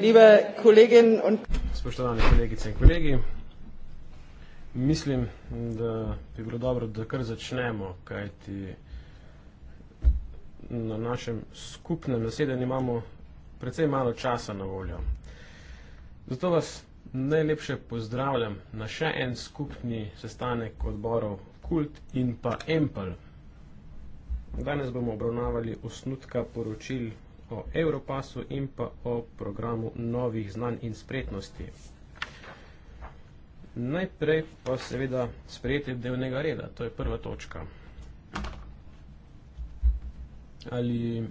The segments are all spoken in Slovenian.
Liebe Kolleginnen und Spoštovani kolegice in kolegi, mislim, da bi bilo dobro, da kar začnemo, kajti na našem skupnem nasedanju imamo precej malo časa na voljo. Zato vas najlepše pozdravljam na še en skupni sestanek odborov Kult in pa Empel. Danes bomo obravnavali osnutka poročil o Europasu in pa o programu novih znanj in spretnosti. Najprej pa seveda sprejetje delnega reda, to je prva točka. Ali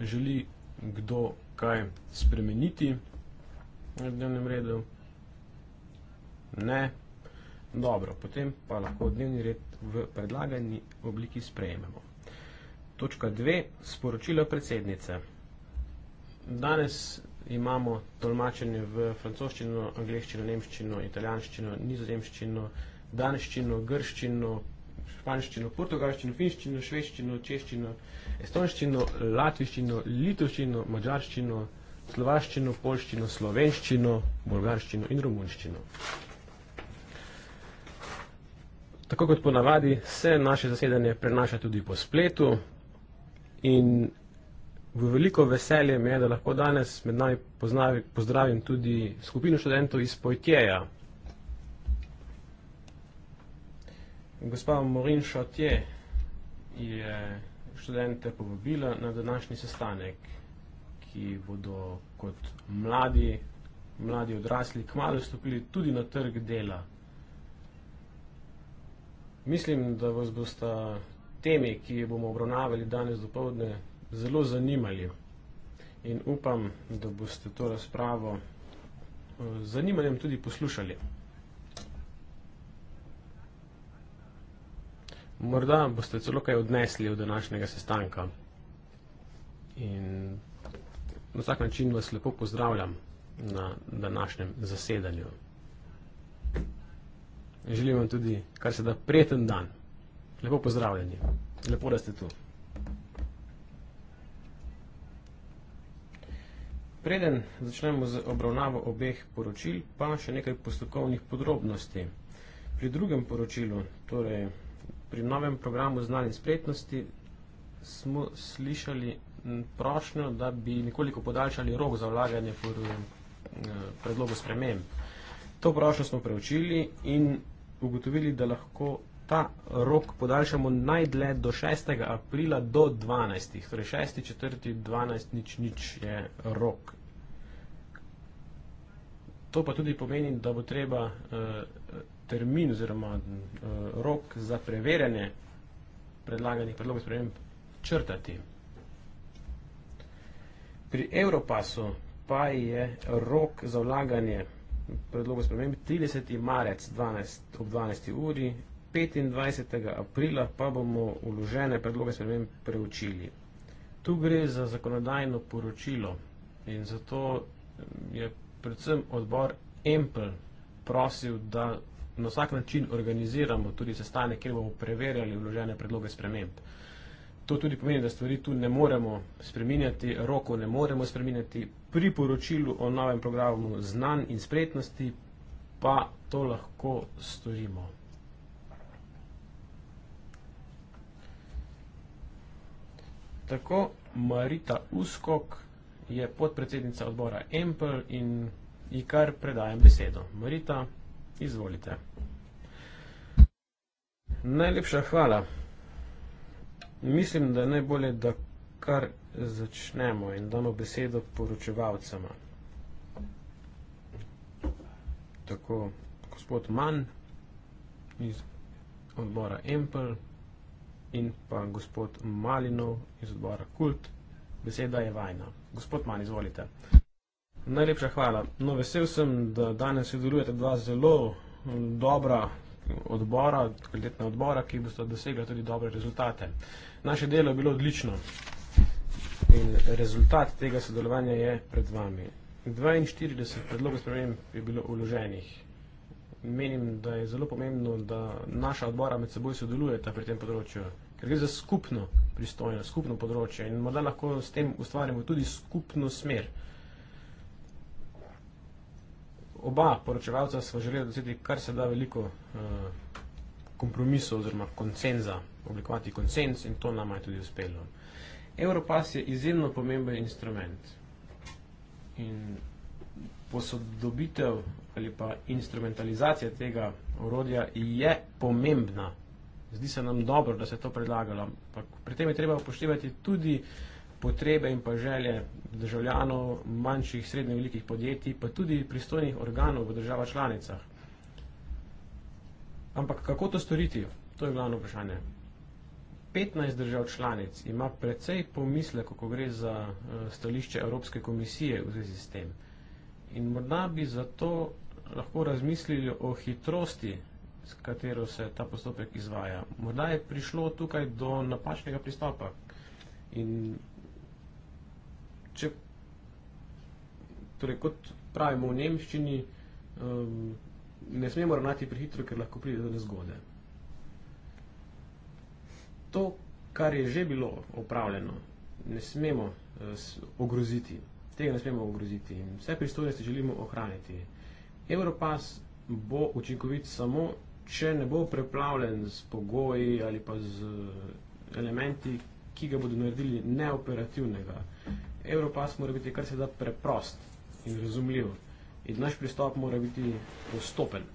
želi kdo kaj spremeniti v dnevnem redu? Ne. Dobro, potem pa lahko dnevni red v predlagani obliki sprejememo. Točka dve, sporočila predsednice. Danes imamo tolmačenje v francoščino, angliščino, nemščino, italijanščino, nizozemščino, danščino, grščino, španščino, portugalščino, finščino, švedščino, češčino, estonščino, latviščino, litovščino, mađarščino, slovaščino, polščino, slovenščino, bolgarščino in romunščino. Tako kot ponavadi, se naše zasedanje prenaša tudi po spletu in V veliko veselje mi je, da lahko danes med nami poznavi, pozdravim tudi skupino študentov iz Poitjeja. Gospa Morin Šatje je študente povabila na današnji sestanek, ki bodo kot mladi, mladi odrasli kmalo stopili tudi na trg dela. Mislim, da vas boste temi, ki jo bomo obravnavali danes do povdne, zelo zanimali in upam, da boste to razpravo eh, z zanimanjem tudi poslušali. Morda boste celo kaj odnesli od današnjega sestanka. In na vsak način vas lepo pozdravljam na današnjem zasedanju. Želim vam tudi kar se da prijeten dan. Lepo pozdravljeni. Lepo, da ste tu. Preden začnemo z obravnavo obeh poročil, pa še nekaj postopkovnih podrobnosti. Pri drugem poročilu, torej pri novem programu znanje spretnosti, smo slišali prošnjo, da bi nekoliko podaljšali rok za vlaganje predlogu sprememb. To prošnjo smo preučili in ugotovili, da lahko ta rok podaljšamo najdlje do 6. aprila do 12. Torej 6. 4. 12. nič nič je rok. To pa tudi pomeni, da bo treba eh, termin oziroma eh, rok za preverjanje predlaganih predlogov sprememb črtati. Pri Evropasu pa je rok za vlaganje predlogov sprememb 30. marec 12, ob 12. uri 25. aprila pa bomo uložene predloge sprememb preučili. Tu gre za zakonodajno poročilo in zato je predvsem odbor Empel prosil, da na vsak način organiziramo tudi sestanek, kjer bomo preverjali uložene predloge sprememb. To tudi pomeni, da stvari tu ne moremo spreminjati, roko ne moremo spreminjati. Pri poročilu o novem programu znanj in spretnosti pa to lahko storimo. Tako, Marita Uskok je podpredsednica odbora Empel in ji kar predajem besedo. Marita, izvolite. Najlepša hvala. Mislim, da je najbolje, da kar začnemo in damo besedo poročevalcema. Tako, gospod Mann iz odbora Empel in pa gospod Malinov iz odbora Kult. Beseda je vajna. Gospod Mal, izvolite. Najlepša hvala. No, vesel sem, da danes sodelujete dva zelo eh, dobra odbora, kvalitetna odbora, ki boste dosegla tudi dobre rezultate. Naše delo je bilo odlično in rezultat tega sodelovanja je pred vami. 42 predlogov sprememb je bilo uloženih. Menim, da je zelo pomembno, da naša odbora med seboj sodelujeta pri tem področju ker gre za skupno pristojnost, skupno področje in morda lahko s tem ustvarimo tudi skupno smer. Oba poročevalca smo želeli doseči kar se da veliko eh, kompromisov oziroma koncenza, oblikovati koncenz in to nam je tudi uspelo. Europas je izjemno pomemben instrument in posodobitev ali pa instrumentalizacija tega orodja je pomembna zdi se nam dobro, da se je to predlagalo. Ampak pri tem je treba upoštevati tudi potrebe in pa želje državljanov manjših, srednje velikih podjetij, pa tudi pristojnih organov v državah članicah. Ampak kako to storiti? To je glavno vprašanje. 15 držav članic ima precej pomislek, ko gre za eh, stališče Evropske komisije v zvezi s tem. In morda bi zato lahko razmislili o hitrosti s katero se ta postopek izvaja. Morda je prišlo tukaj do napačnega pristopa. In če, torej kot pravimo v Nemščini, um, ne smemo ravnati prehitro, ker lahko pride do nezgode. To, kar je že bilo opravljeno, ne smemo uh, ogroziti. Tega ne smemo ogroziti in vse pristojnosti želimo ohraniti. Evropas bo učinkovit samo, če ne bo preplavljen z pogoji ali pa z eh, elementi, ki ga bodo naredili neoperativnega. Europass mora biti kar se da preprost in razumljiv. In naš pristop mora biti postopen.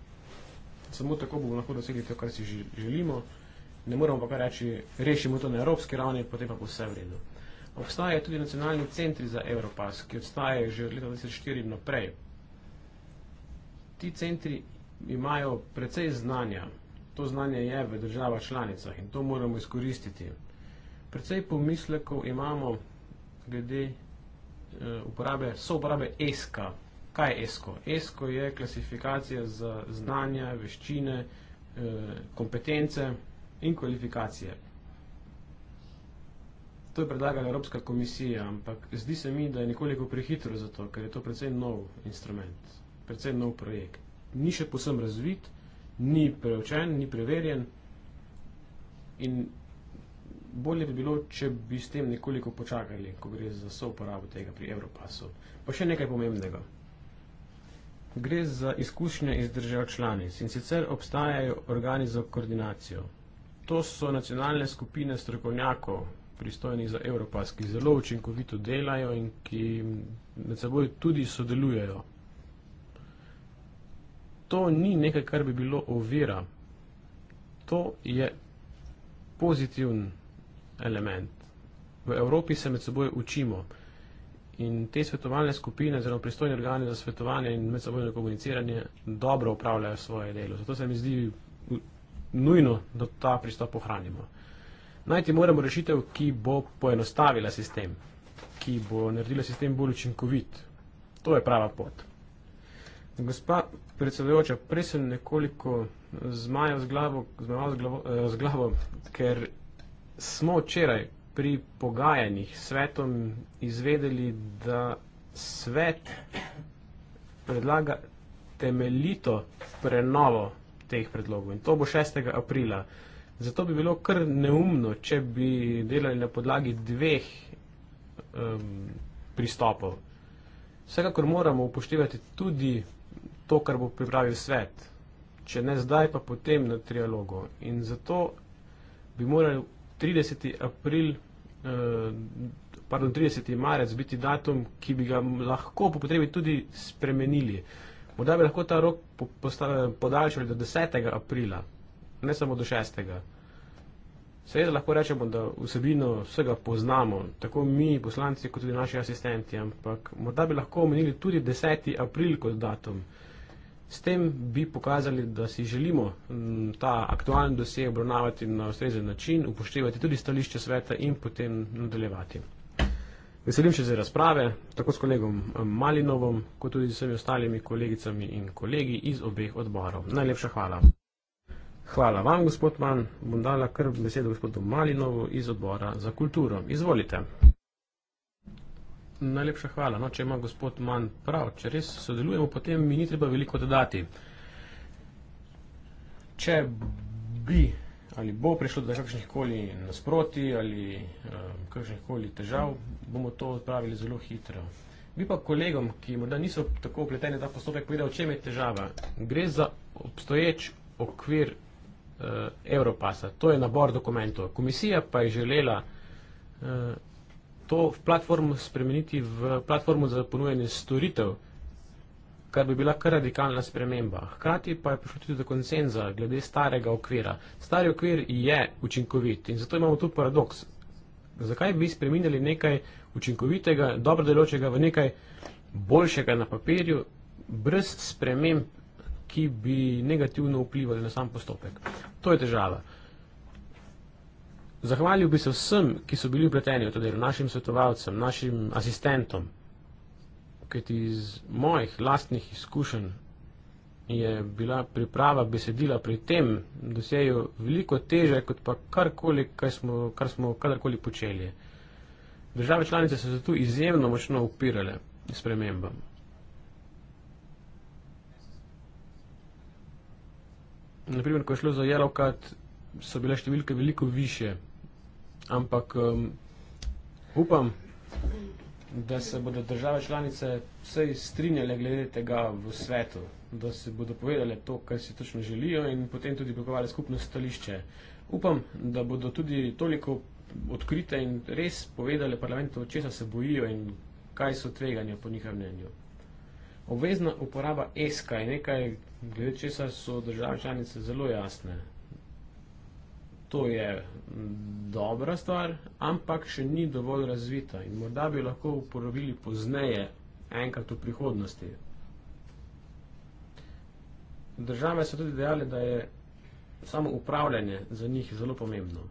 Samo tako bomo lahko dosegli to, kar si želimo. Ne moramo pa kar reči, rešimo to na evropski ravni, potem pa bo vse v redu. Obstajajo tudi nacionalni centri za Europass, ki obstajajo že od leta 2004 naprej. Ti centri imajo precej znanja. To znanje je v državah članicah in to moramo izkoristiti. Precej pomislekov imamo glede eh, uporabe, souporabe ESKA. Kaj je ESKO? ESKO je klasifikacija za znanja, veščine, eh, kompetence in kvalifikacije. To je predlagala Evropska komisija, ampak zdi se mi, da je nekoliko prehitro za to, ker je to precej nov instrument, precej nov projekt ni še posem razvit, ni preučen, ni preverjen in bolje bi bilo, če bi s tem nekoliko počakali, ko gre za souporabo tega pri Evropasu. Pa še nekaj pomembnega. Gre za izkušnje iz držav članic in sicer obstajajo organi za koordinacijo. To so nacionalne skupine strokovnjakov, pristojnih za Evropas, ki zelo učinkovito delajo in ki med seboj tudi sodelujejo to ni nekaj, kar bi bilo ovira. To je pozitiven element. V Evropi se med seboj učimo in te svetovalne skupine, zelo pristojni organi za svetovanje in medsebojno komuniciranje dobro upravljajo svoje delo. Zato se mi zdi nujno, da ta pristop ohranimo. Najti moramo rešitev, ki bo poenostavila sistem, ki bo naredila sistem bolj učinkovit. To je prava pot. Gospa predsedujoča, prej sem nekoliko zmajal z glavo, zmajal z glavo, eh, z glavo ker smo včeraj pri pogajanjih s svetom izvedeli, da svet predlaga temeljito prenovo teh predlogov in to bo 6. aprila. Zato bi bilo kar neumno, če bi delali na podlagi dveh um, pristopov. Vsekakor moramo upoštevati tudi to, kar bo pripravil svet, če ne zdaj, pa potem na trialogu. In zato bi moral 30. april, eh, pardon, 30. marec biti datum, ki bi ga lahko po potrebi tudi spremenili. Morda bi lahko ta rok podaljšali do 10. aprila, ne samo do 6. aprila. Seveda lahko rečemo, da vsebino vsega poznamo, tako mi poslanci, kot tudi naši asistenti, ampak morda bi lahko omenili tudi 10. april kot datum. S tem bi pokazali, da si želimo mm, ta aktualni dosje obravnavati na ustrezen način, upoštevati tudi stališče sveta in potem nadaljevati. Veselim se za razprave, tako s kolegom eh, Malinovom, kot tudi s vsemi ostalimi kolegicami in kolegi iz obeh odborov. Najlepša hvala. Hvala vam, gospod Man. Bom dala kar besedo gospodu Malinovu iz odbora za kulturo. Izvolite. Najlepša hvala. No, če ima gospod Man prav, če res sodelujemo, potem mi ni treba veliko dodati. Če bi ali bo prišlo do kakšnih koli nasproti ali eh, kakšnih koli težav, bomo to odpravili zelo hitro. Bi pa kolegom, ki morda niso tako upleteni, da postopek povedal, v čem je težava. Gre za obstoječ okvir uh, Europasa. To je nabor dokumentov. Komisija pa je želela uh, to v platformo spremeniti v platformo za ponujanje storitev, kar bi bila kar radikalna sprememba. Hkrati pa je prišlo tudi do konsenza glede starega okvira. Stari okvir je učinkovit in zato imamo tu paradoks. Zakaj bi spremenili nekaj učinkovitega, dobrodeločega v nekaj boljšega na papirju, brez sprememb ki bi negativno vplivali na sam postopek. To je težava. Zahvalil bi se vsem, ki so bili upleteni v to delo, našim svetovalcem, našim asistentom, kajti iz mojih lastnih izkušenj je bila priprava besedila pri tem, da se je veliko teže, kot pa karkoli, kar smo, kar smo kadarkoli počeli. Države članice so se tu izjemno močno upirale spremembam. naprimer, ko je šlo za Jelovkat, so bile številke veliko više. Ampak um, upam, da se bodo države članice vse strinjale glede tega v svetu, da se bodo povedale to, kar si točno želijo in potem tudi pokovali skupno stališče. Upam, da bodo tudi toliko odkrite in res povedale parlamentu, česa se bojijo in kaj so tveganja po njihovem mnenju. Obvezna uporaba ESKA je nekaj, Glede česa so države članice zelo jasne. To je dobra stvar, ampak še ni dovolj razvita in morda bi lahko uporabili pozneje, enkrat v prihodnosti. Države so tudi dejali, da je samo upravljanje za njih zelo pomembno.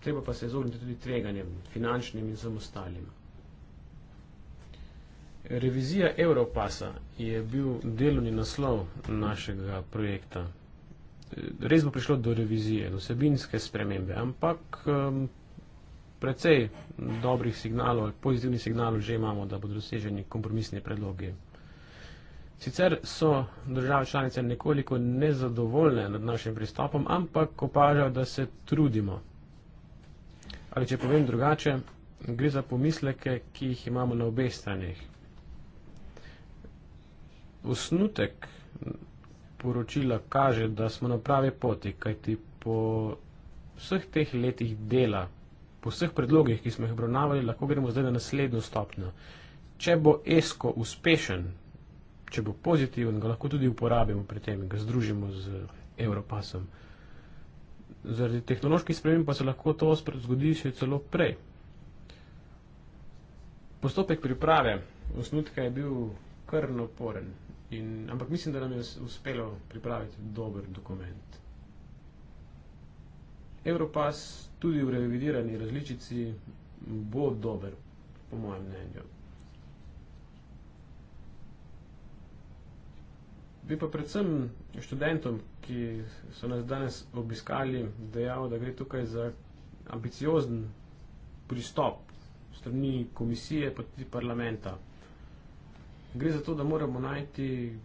Treba pa se izogniti tudi tveganjem, finančnim in samostalim. Revizija Evropasa je bil delovni naslov našega projekta. Res bo prišlo do revizije, do sebinske spremembe, ampak um, precej dobrih signalov, pozitivnih signalov že imamo, da bodo doseženi kompromisni predlogi. Sicer so države članice nekoliko nezadovoljne nad našim pristopom, ampak opažajo, da se trudimo. Ali če povem drugače, gre za pomisleke, ki jih imamo na obeh stranih osnutek poročila kaže, da smo na pravi poti, kajti po vseh teh letih dela, po vseh predlogih, ki smo jih obravnavali, lahko gremo zdaj na naslednjo stopnjo. Če bo ESCO uspešen, če bo pozitiven, ga lahko tudi uporabimo pri tem in ga združimo z Evropasom. Zaradi tehnoloških sprememb pa se lahko to zgodi še celo prej. Postopek priprave osnutka je bil kar naporen. In, ampak mislim, da nam je uspelo pripraviti dober dokument. Evropas tudi v revidirani različici bo dober, po mojem mnenju. Bi pa predvsem študentom, ki so nas danes obiskali, dejal, da gre tukaj za ambiciozen pristop strani komisije pa tudi parlamenta. Gre za to, da moramo najti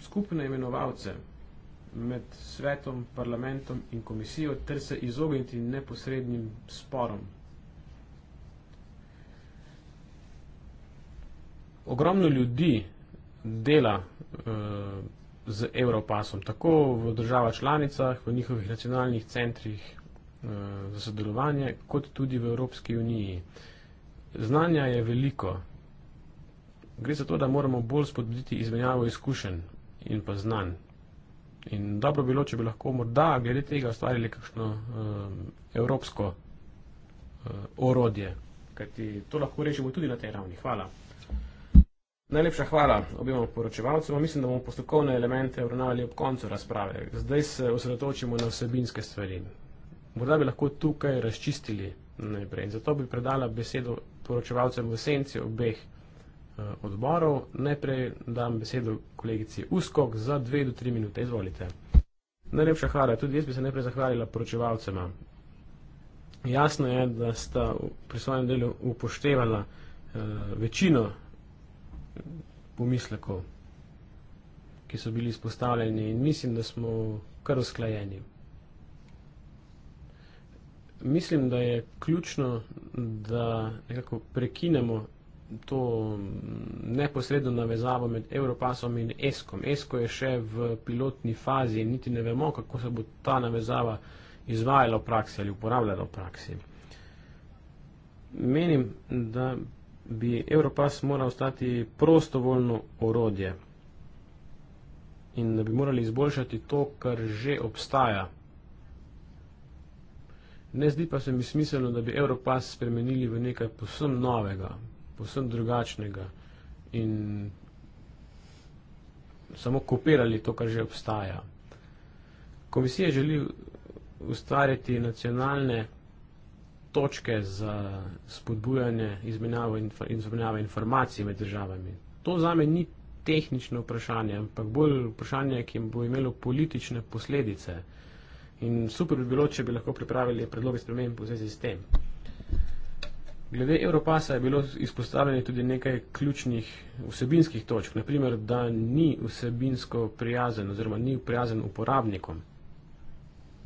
skupne imenovalce med svetom, parlamentom in komisijo ter se izogniti neposrednim sporom. Ogromno ljudi dela uh, z Evropasom, tako v državah članicah, v njihovih nacionalnih centrih uh, za sodelovanje, kot tudi v Evropski uniji. Znanja je veliko, Gre za to, da moramo bolj spodbuditi izmenjavo izkušenj in pa znanj. In dobro bilo, če bi lahko morda glede tega ustvarili kakšno uh, evropsko uh, orodje, kajti to lahko rešimo tudi na tej ravni. Hvala. Najlepša hvala objema poročevalcema. Mislim, da bomo postopkovne elemente obravnavali ob koncu razprave. Zdaj se osredotočimo na vsebinske stvari. Morda bi lahko tukaj razčistili najprej. In zato bi predala besedo poročevalcem v senci obeh. Eh, odborov. Najprej dam besedo kolegici Uskok za dve do tri minute. Izvolite. Najlepša hvala. Tudi jaz bi se najprej zahvalila poročevalcema. Jasno je, da sta pri svojem delu upoštevala uh, večino pomislekov, ki so bili izpostavljeni in mislim, da smo kar usklajeni. Mislim, da je ključno, da nekako prekinemo to neposredno navezavo med Evropasom in ESKOM. ESKO je še v pilotni fazi in niti ne vemo, kako se bo ta navezava izvajala v praksi ali uporabljala v praksi. Menim, da bi Evropas moral ostati prostovoljno orodje in da bi morali izboljšati to, kar že obstaja. Ne zdi pa se mi smiselno, da bi Evropas spremenili v nekaj posebno novega, povsem drugačnega in samo kopirali to, kar že obstaja. Komisija želi ustvariti nacionalne točke za spodbujanje izmenjave, izmenjave informacij med državami. To zame ni tehnično vprašanje, ampak bolj vprašanje, ki bo imelo politične posledice. In super bi bilo, če bi lahko pripravili predloge spremembe v zvezi s tem. Glede Evropasa je bilo izpostavljeno tudi nekaj ključnih vsebinskih točk, naprimer, da ni vsebinsko prijazen oziroma ni prijazen uporabnikom.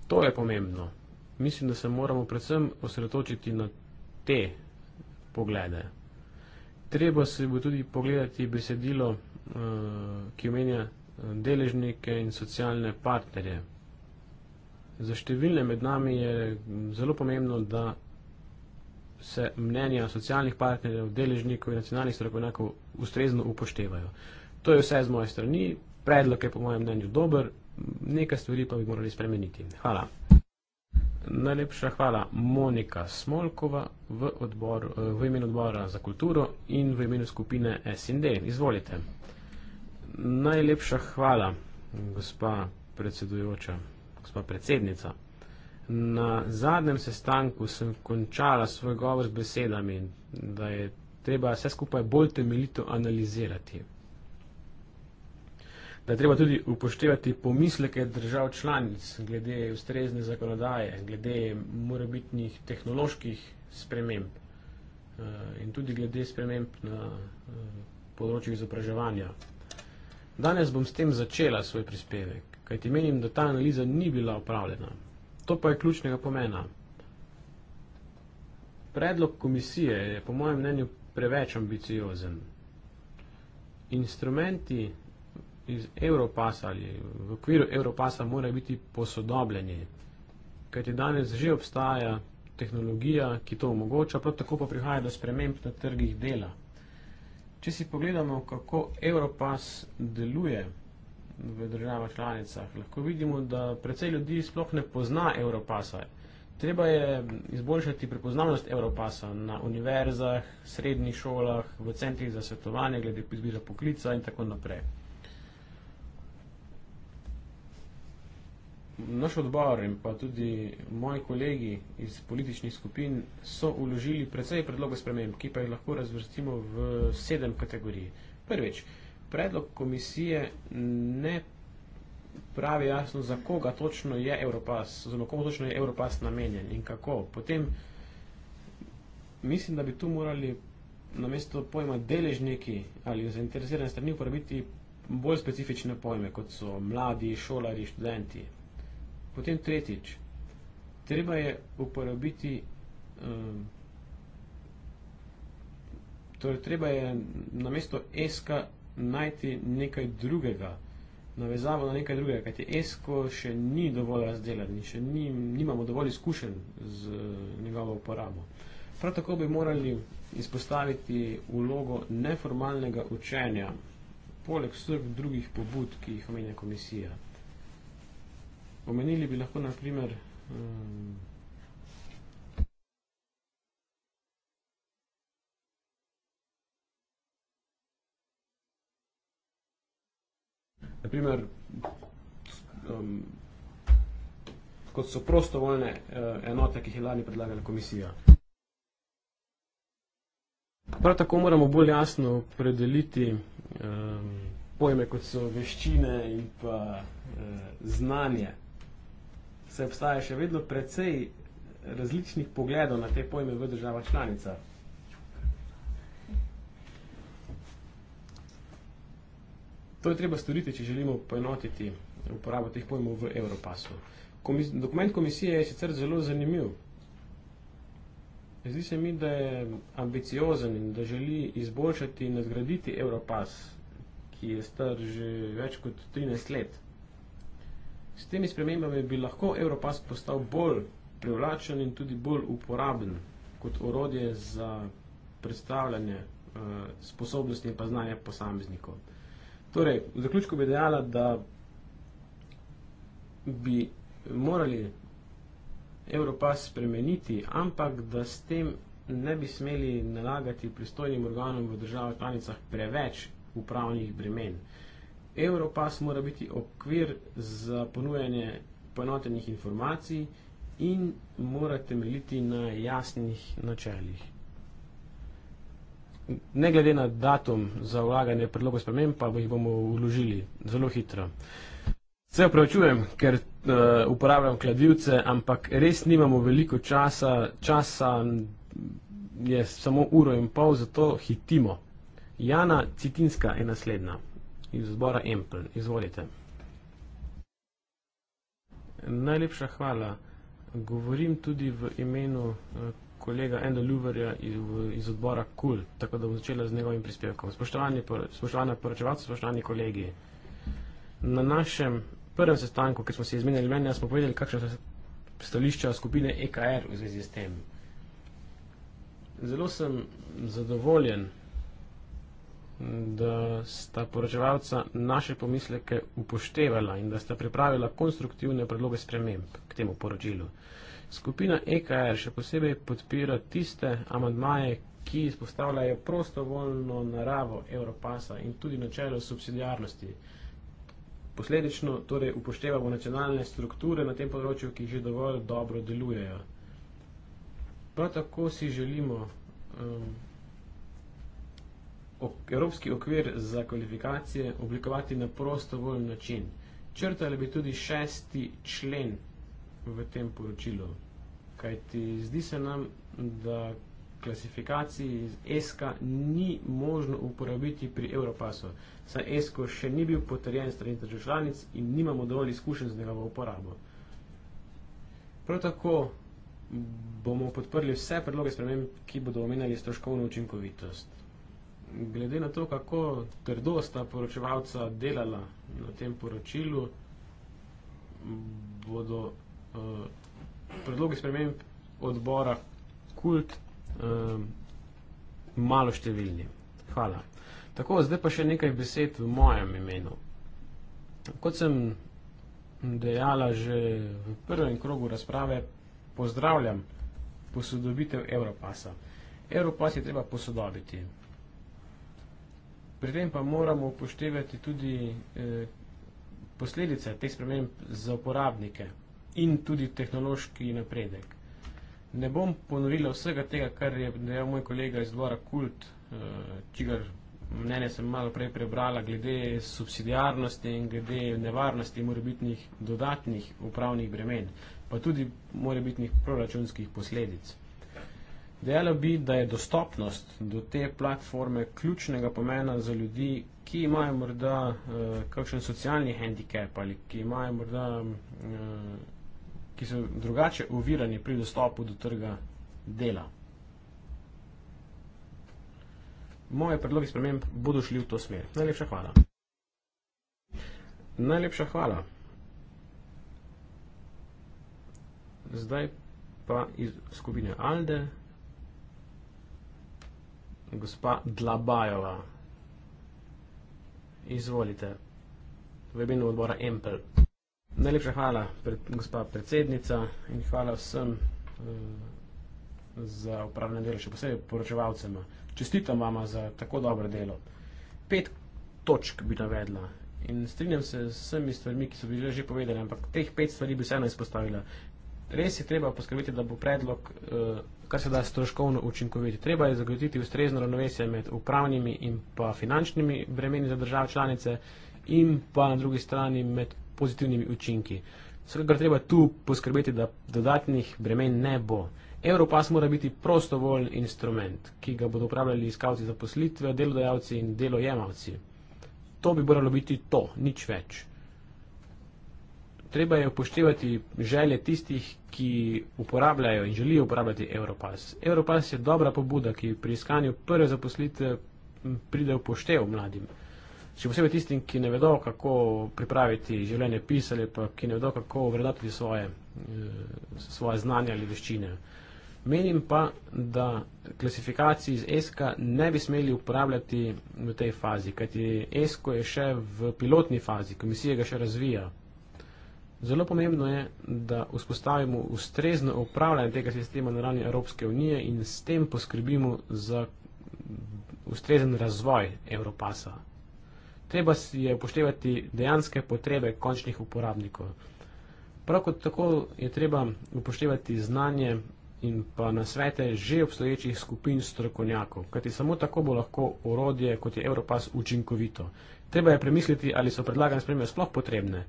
To je pomembno. Mislim, da se moramo predvsem osredotočiti na te poglede. Treba se bo tudi pogledati besedilo, eh, ki omenja eh, deležnike in socialne partnerje. Za številne med nami je mm, zelo pomembno, da se mnenja socialnih partnerjev, deležnikov in nacionalnih strokovnjakov ustrezno upoštevajo. To je vse z moje strani, predlog je po mojem mnenju dober, nekaj stvari pa bi morali spremeniti. Hvala. Najlepša hvala Monika Smolkova v, odbor, eh, v imenu odbora za kulturo in v imenu skupine SND. Izvolite. Najlepša hvala, gospa predsedujoča, gospa predsednica Na zadnjem sestanku sem končala svoj govor z besedami, da je treba vse skupaj bolj temeljito analizirati. Da je treba tudi upoštevati pomisleke držav članic glede ustrezne zakonodaje, glede morebitnih tehnoloških sprememb eh, in tudi glede sprememb na eh, področju izobraževanja. Danes bom s tem začela svoj prispevek, kajti menim, da ta analiza ni bila upravljena. To pa je ključnega pomena. Predlog komisije je po mojem mnenju preveč ambiciozen. Instrumenti iz Evropasa ali v okviru Evropasa morajo biti posodobljeni, kajti danes že obstaja tehnologija, ki to omogoča, prav tako pa prihaja do sprememb na trgih dela. Če si pogledamo, kako Evropas deluje, v državah članicah. Lahko vidimo, da precej ljudi sploh ne pozna Evropasa. Treba je izboljšati prepoznavnost Evropasa na univerzah, srednjih šolah, v centrih za svetovanje, glede izbira poklica in tako naprej. Naš odbor in pa tudi moji kolegi iz političnih skupin so uložili precej predlogov sprememb, ki pa jih lahko razvrstimo v sedem kategorij. Prvič, predlog komisije ne pravi jasno, za koga točno je Evropas, oziroma koga točno je Evropas namenjen in kako. Potem mislim, da bi tu morali na mesto pojma deležniki ali zainteresirane strani uporabiti bolj specifične pojme, kot so mladi, šolari, študenti. Potem tretjič, treba je uporabiti um, Torej, treba je na mesto ESKA najti nekaj drugega, navezavo na nekaj drugega, kajti ESCO še ni dovolj razdelan in še ni, nimamo dovolj izkušenj z eh, njegovo uporabo. Prav tako bi morali izpostaviti ulogo neformalnega učenja, poleg vseh drugih pobud, ki jih omenja komisija. Omenili bi lahko na primer um, naprimer, um, kot so prostovoljne uh, enote, ki jih je lani predlagala komisija. Prav tako moramo bolj jasno predeliti um, pojme, kot so veščine in pa uh, znanje. Se obstaja še vedno precej različnih pogledov na te pojme v državah članicah. To je treba storiti, če želimo poenotiti uporabo teh pojmov v Evropasu. Komis dokument komisije je sicer zelo zanimiv. Zdi se mi, da je ambiciozen in da želi izboljšati in nadgraditi Evropas, ki je star že več kot 13 let. S temi spremembami bi lahko Evropas postal bolj privlačen in tudi bolj uporaben kot orodje za predstavljanje uh, sposobnosti in pa znanja posameznikov. Torej, v zaključku bi dejala, da bi morali Evropas spremeniti, ampak da s tem ne bi smeli nalagati pristojnim organom v državah članicah preveč upravnih bremen. Evropas mora biti okvir za ponujanje ponotenih informacij in mora temeljiti na jasnih načeljih ne glede na datum za vlaganje predlogov sprememb, pa jih bomo vložili zelo hitro. Se upravičujem, ker uh, uporabljam kladivce, ampak res nimamo veliko časa, časa je samo uro in pol, zato hitimo. Jana Citinska je naslednja iz zbora Empl. Izvolite. Najlepša hvala. Govorim tudi v imenu eh, kolega Enda Luverja iz, iz odbora KUL, cool, tako da bom začela z njegovim prispevkom. Spoštovani poročevalci, spoštovani kolegi, na našem prvem sestanku, ki smo se izmenjali mnenja, smo povedali, kakšne so stališča skupine EKR v zvezi s tem. Zelo sem zadovoljen, da sta poročevalca naše pomisleke upoštevala in da sta pripravila konstruktivne predloge sprememb k temu poročilu. Skupina EKR še posebej podpira tiste amadmaje, ki izpostavljajo prostovoljno naravo Evropasa in tudi načelo subsidijarnosti. Posledično torej upoštevamo nacionalne strukture na tem področju, ki že dovolj dobro delujejo. Prav tako si želimo um, evropski okvir za kvalifikacije oblikovati na prostovoljni način. Črtali bi tudi šesti člen v tem poročilu. Kajti zdi se nam, da klasifikacij iz ESKA ni možno uporabiti pri Europasu. Saj ESKO še ni bil potrjen strani držav članic in nimamo dovolj izkušenj z njegovo uporabo. Prav tako bomo podprli vse predloge sprememb, ki bodo omenjali stroškovno učinkovitost. Glede na to, kako trdo sta poročevalca delala na tem poročilu, bodo uh, predlogi sprememb odbora kult um, malo številni. Hvala. Tako, zdaj pa še nekaj besed v mojem imenu. Kot sem dejala že v prvem krogu razprave, pozdravljam posodobitev Evropasa. Evropas je treba posodobiti. Pri tem pa moramo upoštevati tudi eh, posledice teh sprememb za uporabnike in tudi tehnološki napredek. Ne bom ponovila vsega tega, kar je dejal moj kolega iz dvora Kult, eh, čigar mnenje sem malo prej prebrala glede subsidijarnosti in glede nevarnosti morebitnih dodatnih upravnih bremen, pa tudi morebitnih proračunskih posledic. Dejalo bi, da je dostopnost do te platforme ključnega pomena za ljudi, ki imajo morda eh, kakšen socialni handicap ali ki imajo morda eh, ki so drugače ovirani pri dostopu do trga dela. Moje predloge sprememb bodo šli v to smer. Najlepša hvala. Najlepša hvala. Zdaj pa iz skupine Alde, gospa Dlabajova. Izvolite, v imenu odbora Empel. Najlepša hvala, pred, gospa predsednica, in hvala vsem eh, za upravljanje dela, še posebej poročevalcema. Čestitam vama za tako dobro delo. Pet točk bi navedla in strinjam se z vsemi stvarmi, ki so bile že povedane, ampak teh pet stvari bi se ena izpostavila. Res je treba poskrbeti, da bo predlog, eh, kar se da stroškovno učinkoviti. Treba je zagotoviti ustrezno ravnovesje med upravnimi in pa finančnimi bremeni za države članice in pa na drugi strani med pozitivnimi učinki. Vsekakor treba tu poskrbeti, da dodatnih bremen ne bo. Europas mora biti prostovoljni instrument, ki ga bodo upravljali iskalci zaposlitve, delodajalci in delojemalci. To bi moralo biti to, nič več. Treba je upoštevati želje tistih, ki uporabljajo in želijo uporabljati Europas. Europas je dobra pobuda, ki pri iskanju prve zaposlitve pride upoštev mladim še posebej tistim, ki ne vedo, kako pripraviti življenje pisali, pa ki ne vedo, kako vrednotiti svoje, eh, svoje znanje ali veščine. Menim pa, da klasifikacij iz ESK-a ne bi smeli uporabljati v tej fazi, kajti ESK-o je še v pilotni fazi, komisija ga še razvija. Zelo pomembno je, da vzpostavimo ustrezno upravljanje tega sistema na ravni Evropske unije in s tem poskrbimo za ustrezen razvoj Evropasa. Treba si je upoštevati dejanske potrebe končnih uporabnikov. Prav tako je treba upoštevati znanje in pa nasvete že obstoječih skupin strokovnjakov, kajti samo tako bo lahko orodje, kot je Evropas, učinkovito. Treba je premisliti, ali so predlagane spremembe sploh potrebne.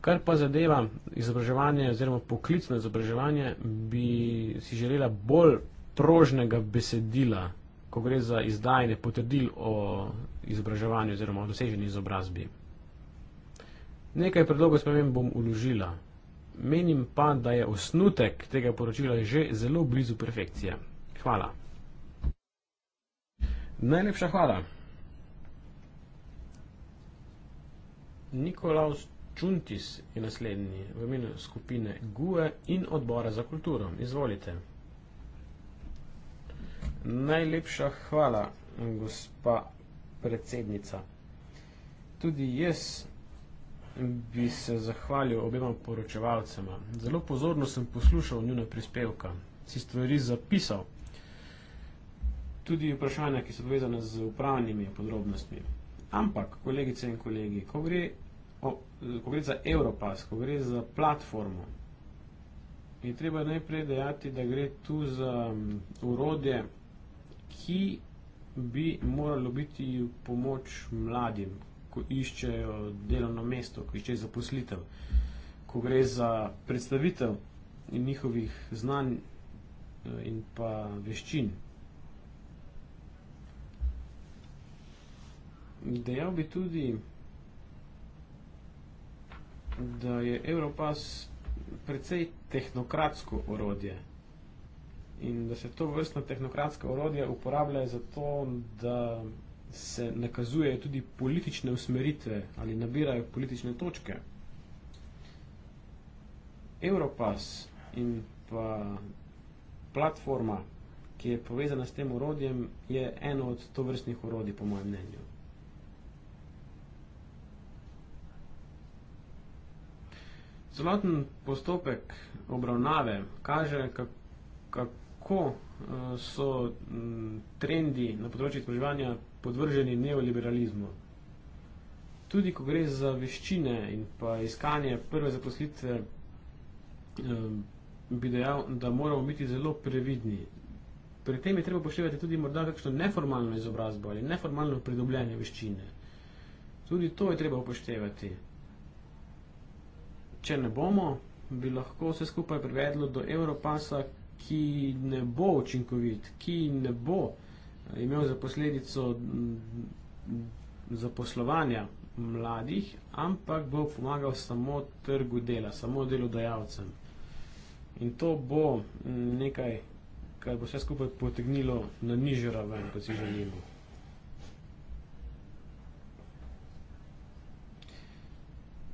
Kar pa zadeva izobraževanje oziroma poklicno izobraževanje, bi si želela bolj prožnega besedila, ko gre za izdajanje potrdil o izobraževanju oziroma o doseženi izobrazbi. Nekaj predlogov spremem bom uložila. Menim pa, da je osnutek tega poročila že zelo blizu perfekcije. Hvala. Najlepša hvala. Nikolaus Čuntis je naslednji v imenu skupine GUE in odbora za kulturo. Izvolite. Najlepša hvala, gospa predsednica. Tudi jaz bi se zahvalil obema poročevalcema. Zelo pozorno sem poslušal njuna prispevka, si stvari zapisal, tudi vprašanja, ki so povezane z upravnimi podrobnostmi. Ampak, kolegice in kolegi, ko gre, o, ko gre za Europas, ko gre za platformo, je treba najprej dejati, da gre tu za urodje, mm, ki bi moralo biti pomoč mladim, ko iščejo delovno mesto, ko iščejo zaposlitev, ko gre za predstavitev njihovih znanj eh, in pa veščin. Dejal bi tudi, da je Evropas precej tehnokratsko orodje in da se to vrstno tehnokratsko orodje uporablja za to, da se nakazuje tudi politične usmeritve ali nabirajo politične točke. Europass in pa platforma, ki je povezana s tem orodjem, je eno od tovrstnih orodij, po mojem mnenju. Celoten postopek obravnave kaže, kako kako eh, so mm, trendi na področju izobraževanja podvrženi neoliberalizmu. Tudi ko gre za veščine in pa iskanje prve zaposlitve, eh, bi dejal, da moramo biti zelo previdni. Pri tem je treba poštevati tudi morda kakšno neformalno izobrazbo ali neformalno pridobljanje veščine. Tudi to je treba upoštevati. Če ne bomo, bi lahko vse skupaj privedlo do Evropasa, ki ne bo učinkovit, ki ne bo eh, imel za posledico mm, zaposlovanja mladih, ampak bo pomagal samo trgu dela, samo delodajalcem. In to bo mm, nekaj, kar bo vse skupaj potegnilo na nižjo raven, kot si želimo.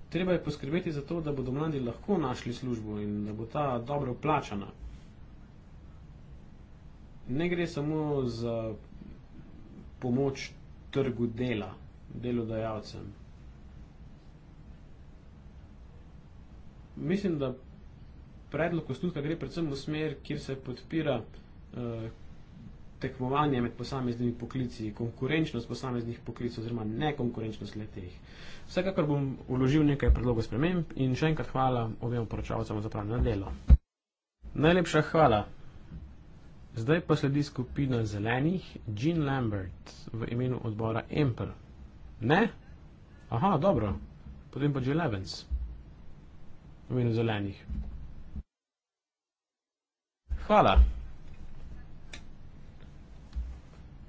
Treba je poskrbeti za to, da bodo mladi lahko našli službo in da bo ta dobro plačana ne gre samo za pomoč trgu dela, delodajalcem. Mislim, da predlog ostutka gre predvsem v smer, kjer se podpira eh, tekmovanje med posameznimi poklici, konkurenčnost posameznih poklicov oziroma nekonkurenčnost letih. Vsekakor bom uložil nekaj predlogov sprememb in še enkrat hvala obema poročavcama za pravno delo. Najlepša hvala. Zdaj pa sledi skupina zelenih, Jean Lambert v imenu odbora Emperor. Ne? Aha, dobro. Potem pa Jill Evans v imenu zelenih. Hvala.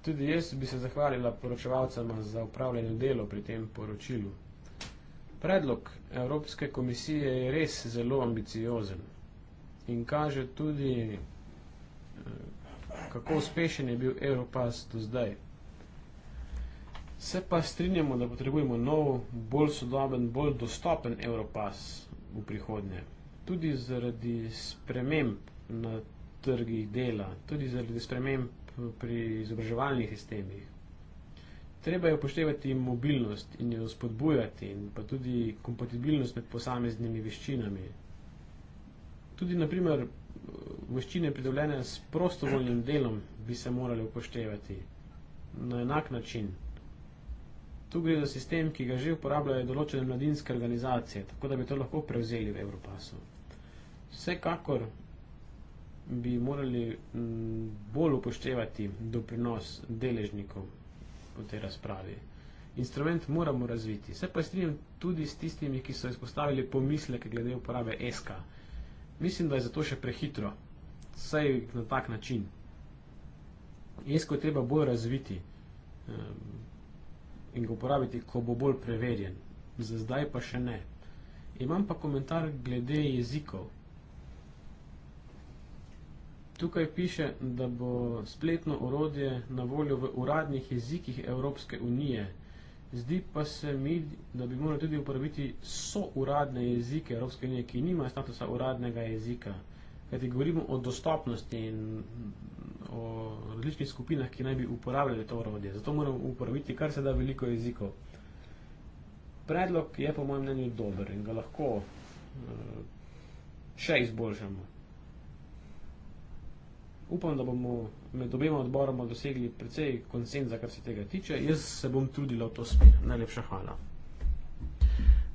Tudi jaz bi se zahvalila poročevalcama za upravljeno delo pri tem poročilu. Predlog Evropske komisije je res zelo ambiciozen in kaže tudi eh, kako uspešen je bil Europass do zdaj. Se pa strinjamo, da potrebujemo nov, bolj sodoben, bolj dostopen Europass v prihodnje. Tudi zaradi sprememb na trgih dela, tudi zaradi sprememb pri izobraževalnih sistemih. Treba je upoštevati mobilnost in jo spodbujati, in pa tudi kompatibilnost med posameznimi veščinami. Tudi, naprimer, veščine pridobljene s prostovoljnim delom bi se morali upoštevati na enak način. Tu gre za sistem, ki ga že uporabljajo določene mladinske organizacije, tako da bi to lahko prevzeli v Evropasu. Vsekakor bi morali bolj upoštevati doprinos deležnikov v tej razpravi. Instrument moramo razviti. Se pa strinjam tudi s tistimi, ki so izpostavili pomisleke glede uporabe ESKA. Mislim, da je za to še prehitro, vsaj na tak način. Jezik je treba bolj razviti in ga uporabiti, ko bo bolj preverjen, za zdaj pa še ne. Imam pa komentar glede jezikov. Tukaj piše, da bo spletno orodje na voljo v uradnih jezikih Evropske unije. Zdi pa se mi, da bi morali tudi uporabiti souradne jezike Evropske unije, ki nimajo statusa uradnega jezika. Kajti govorimo o dostopnosti in o različnih skupinah, ki naj bi uporabljali to orodje. Zato moramo uporabiti kar se da veliko jezikov. Predlog je po mojem mnenju dober in ga lahko eh, še izboljšamo. Upam, da bomo med obema odboroma dosegli precej konsenza, kar se tega tiče. Jaz se bom trudila v to smer. Najlepša hvala.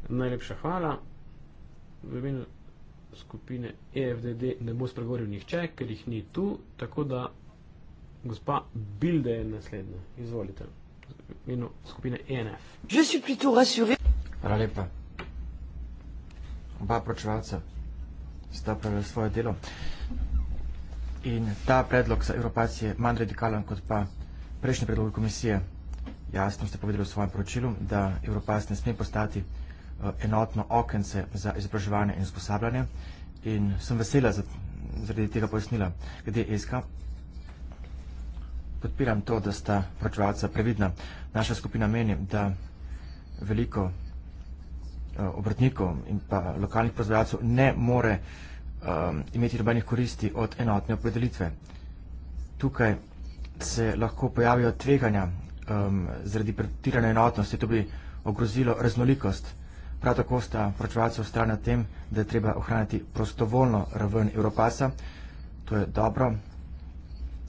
Najlepša hvala. V imenu skupine EFDD ne bo spregovoril nihče, ker jih ni tu, tako da gospa Bilde je naslednja. Izvolite. V imenu skupine ENF. Je suis plutôt rassuré. Hvala lepa. Oba pročevalca sta pravila svoje delo in ta predlog za evropacije manj radikalen kot pa prejšnji predlog komisije. Jasno ste povedali v svojem poročilu, da evropas ne sme postati eh, enotno okence za izobraževanje in izposabljanje in sem vesela zaradi tega pojasnila, glede ESKA. Podpiram to, da sta pročevalca previdna. Naša skupina meni, da veliko eh, obrtnikov in pa lokalnih proizvajalcev ne more izobraževanje um, imeti nobenih koristi od enotne opredelitve. Tukaj se lahko pojavijo tveganja um, zaradi pretirane enotnosti, to bi ogrozilo raznolikost. Prav tako sta pročevalce ustrajna tem, da je treba ohraniti prostovoljno raven Evropasa. To je dobro.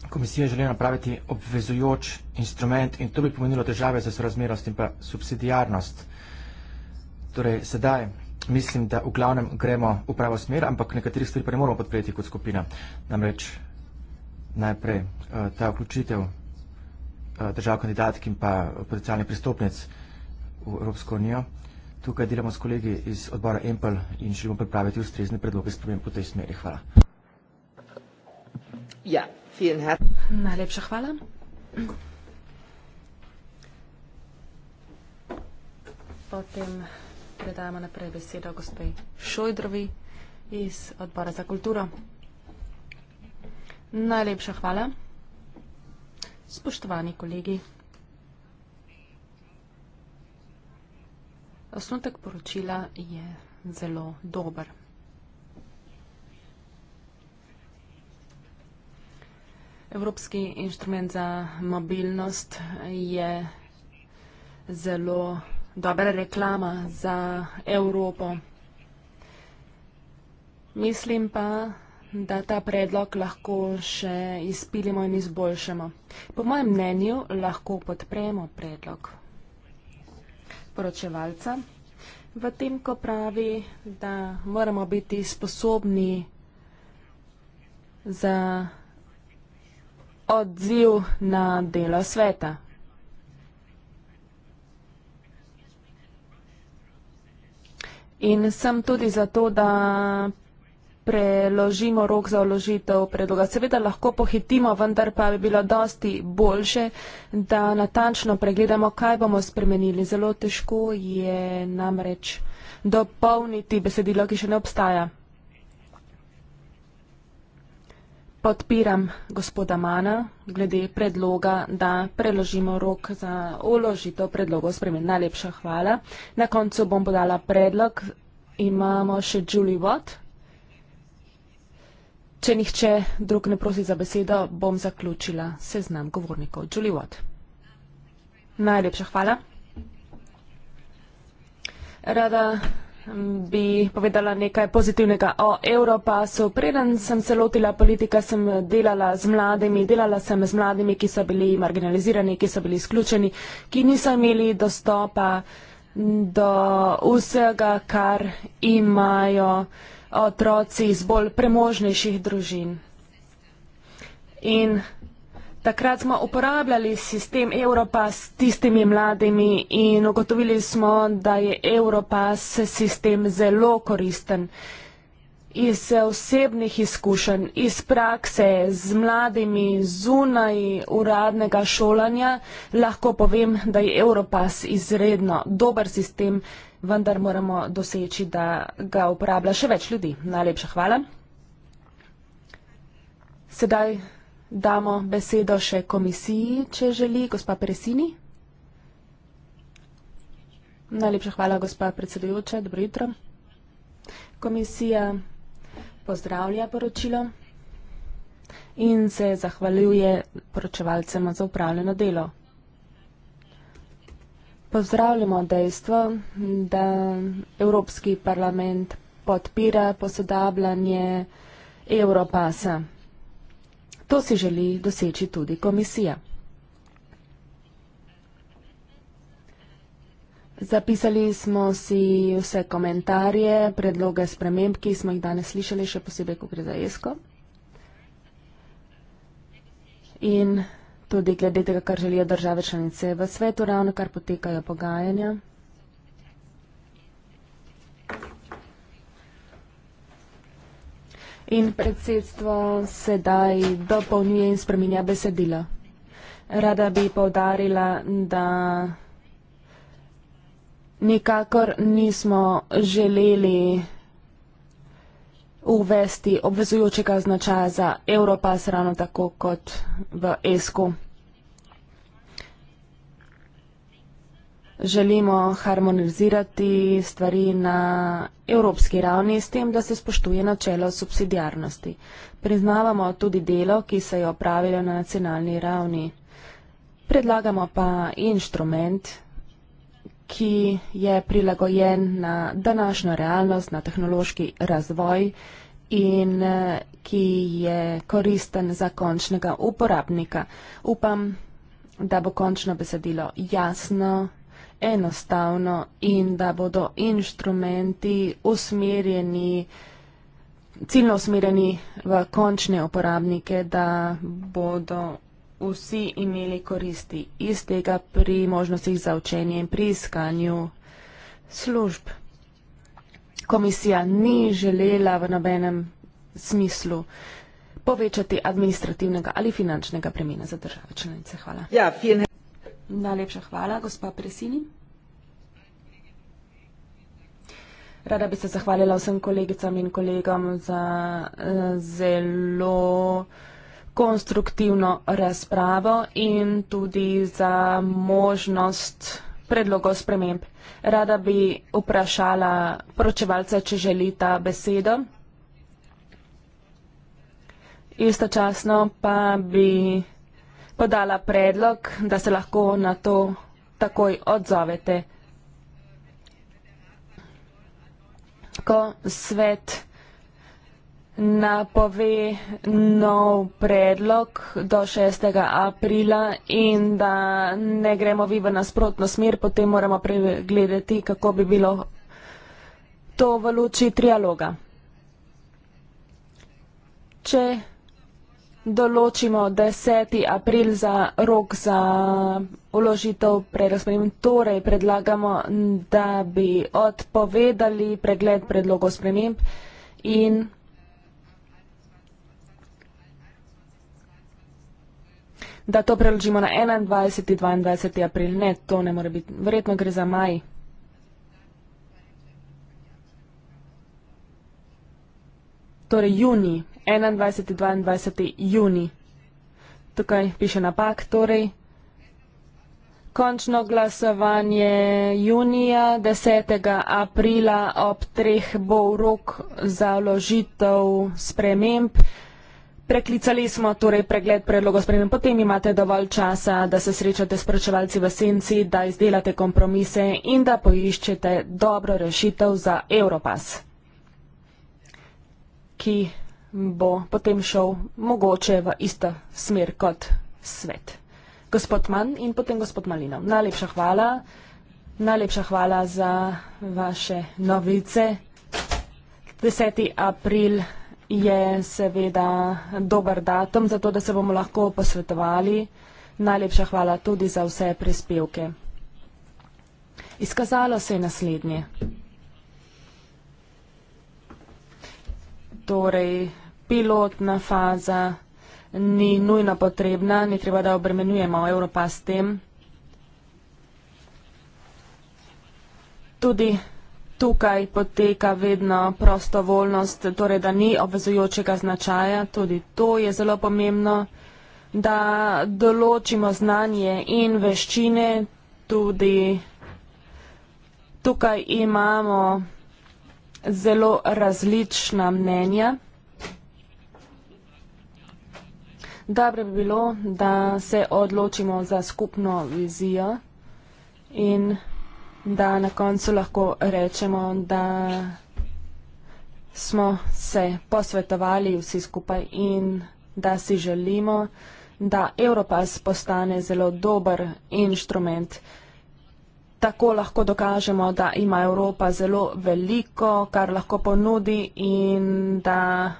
Komisija želi napraviti obvezujoč instrument in to bi pomenilo težave za sorazmerost in pa subsidijarnost. Torej, sedaj mislim, da v glavnem gremo v pravo smer, ampak nekaterih stvari pa ne moramo podpreti kot skupina. Namreč najprej eh, ta vključitev eh, držav kandidatk in pa potencijalnih pristopnic v Evropsko unijo. Tukaj delamo s kolegi iz odbora EMPL in želimo pripraviti ustrezne predloge sprememb v tej smeri. Hvala. Ja, najlepša hvala. Potem Predajamo naprej besedo gospej Šojdrovi iz Odbora za kulturo. Najlepša hvala. Spoštovani kolegi. Osnutek poročila je zelo dober. Evropski inštrument za mobilnost je zelo dobra reklama za Evropo. Mislim pa, da ta predlog lahko še izpilimo in izboljšamo. Po mojem mnenju lahko podpremo predlog poročevalca v tem, ko pravi, da moramo biti sposobni za odziv na delo sveta. In sem tudi zato, da preložimo rok za vložitev predloga. Seveda lahko pohitimo, vendar pa bi bilo dosti boljše, da natančno pregledamo, kaj bomo spremenili. Zelo težko je namreč dopolniti besedilo, ki še ne obstaja. podpiram gospoda Mana glede predloga, da preložimo rok za uložitev predlogov spremen. Najlepša hvala. Na koncu bom podala predlog. Imamo še Julie Watt. Če nihče drug ne prosi za besedo, bom zaključila seznam govornikov. Julie Watt. Najlepša hvala. Rada bi povedala nekaj pozitivnega o Evropasu. Preden sem se lotila politika, sem delala z mladimi, delala sem z mladimi, ki so bili marginalizirani, ki so bili izključeni, ki niso imeli dostopa do vsega, kar imajo otroci iz bolj premožnejših družin. In Takrat smo uporabljali sistem Europas s tistimi mladimi in ugotovili smo, da je Europas sistem zelo koristen. Iz osebnih izkušenj, iz prakse z mladimi zunaj uradnega šolanja lahko povem, da je Europas izredno dober sistem, vendar moramo doseči, da ga uporablja še več ljudi. Najlepša hvala. Sedaj damo besedo še komisiji, če želi, gospa Presini. Najlepša hvala, gospa predsedujoča. Dobro jutro. Komisija pozdravlja poročilo in se zahvaljuje poročevalcema za upravljeno delo. Pozdravljamo dejstvo, da Evropski parlament podpira posodabljanje Evropasa. To si želi doseči tudi komisija. Zapisali smo si vse komentarje, predloge sprememb, ki smo jih danes slišali, še posebej, ko gre za ESCO. In tudi glede tega, kar želijo države članice v svetu, ravno kar potekajo pogajanja. in predsedstvo sedaj dopolnjuje in spreminja besedila. Rada bi povdarila, da nikakor nismo želeli uvesti obvezujočega značaja za Europas ravno tako kot v ESCO. želimo harmonizirati stvari na evropski ravni s tem, da se spoštuje načelo subsidijarnosti. Priznavamo tudi delo, ki se je opravilo na nacionalni ravni. Predlagamo pa inštrument, ki je prilagojen na današnjo realnost, na tehnološki razvoj in ki je koristen za končnega uporabnika. Upam, da bo končno besedilo jasno enostavno in da bodo inštrumenti usmerjeni, ciljno usmerjeni v končne uporabnike, da bodo vsi imeli koristi iz tega pri možnostih za učenje in pri iskanju služb. Komisija ni želela v nobenem smislu povečati administrativnega ali finančnega premina za države članice. Hvala. Ja, Najlepša hvala, gospa Presini. Rada bi se zahvalila vsem kolegicam in kolegom za eh, zelo konstruktivno razpravo in tudi za možnost predlogov sprememb. Rada bi vprašala poročevalca, če želi ta besedo. Istočasno pa bi podala predlog, da se lahko na to takoj odzovete. Ko svet napove nov predlog do 6. aprila in da ne gremo vi v nasprotno smer, potem moramo pregledati, kako bi bilo to v luči trialoga. Če določimo 10. april za rok za uložitev prerazporej. Torej predlagamo, da bi odpovedali pregled predlogov sprememb in da to preložimo na 21. 22. april. Ne, to ne more biti. Verjetno gre za maj. Torej juni, 21. in 22. juni. Tukaj piše napak, torej končno glasovanje junija 10. aprila ob treh bo rok za vložitev sprememb. Preklicali smo torej pregled predlogov sprememb, potem imate dovolj časa, da se srečate s pročevalci v senci, da izdelate kompromise in da poiščete dobro rešitev za Europas, ki bo potem šel mogoče v isto smer kot svet. Gospod Mann in potem gospod Malinov. Najlepša hvala. Najlepša hvala za vaše novice. 10. april je seveda dober datum, zato da se bomo lahko posvetovali. Najlepša hvala tudi za vse prispevke. Izkazalo se je naslednje. Torej, pilotna faza, ni nujno potrebna, ni treba, da obremenjujemo Evropa s tem. Tudi tukaj poteka vedno prostovoljnost, torej da ni obvezujočega značaja, tudi to je zelo pomembno, da določimo znanje in veščine, tudi tukaj imamo zelo različna mnenja. dobro bi bilo, da se odločimo za skupno vizijo in da na koncu lahko rečemo, da smo se posvetovali vsi skupaj in da si želimo, da Evropas postane zelo dober inštrument. Tako lahko dokažemo, da ima Evropa zelo veliko, kar lahko ponudi in da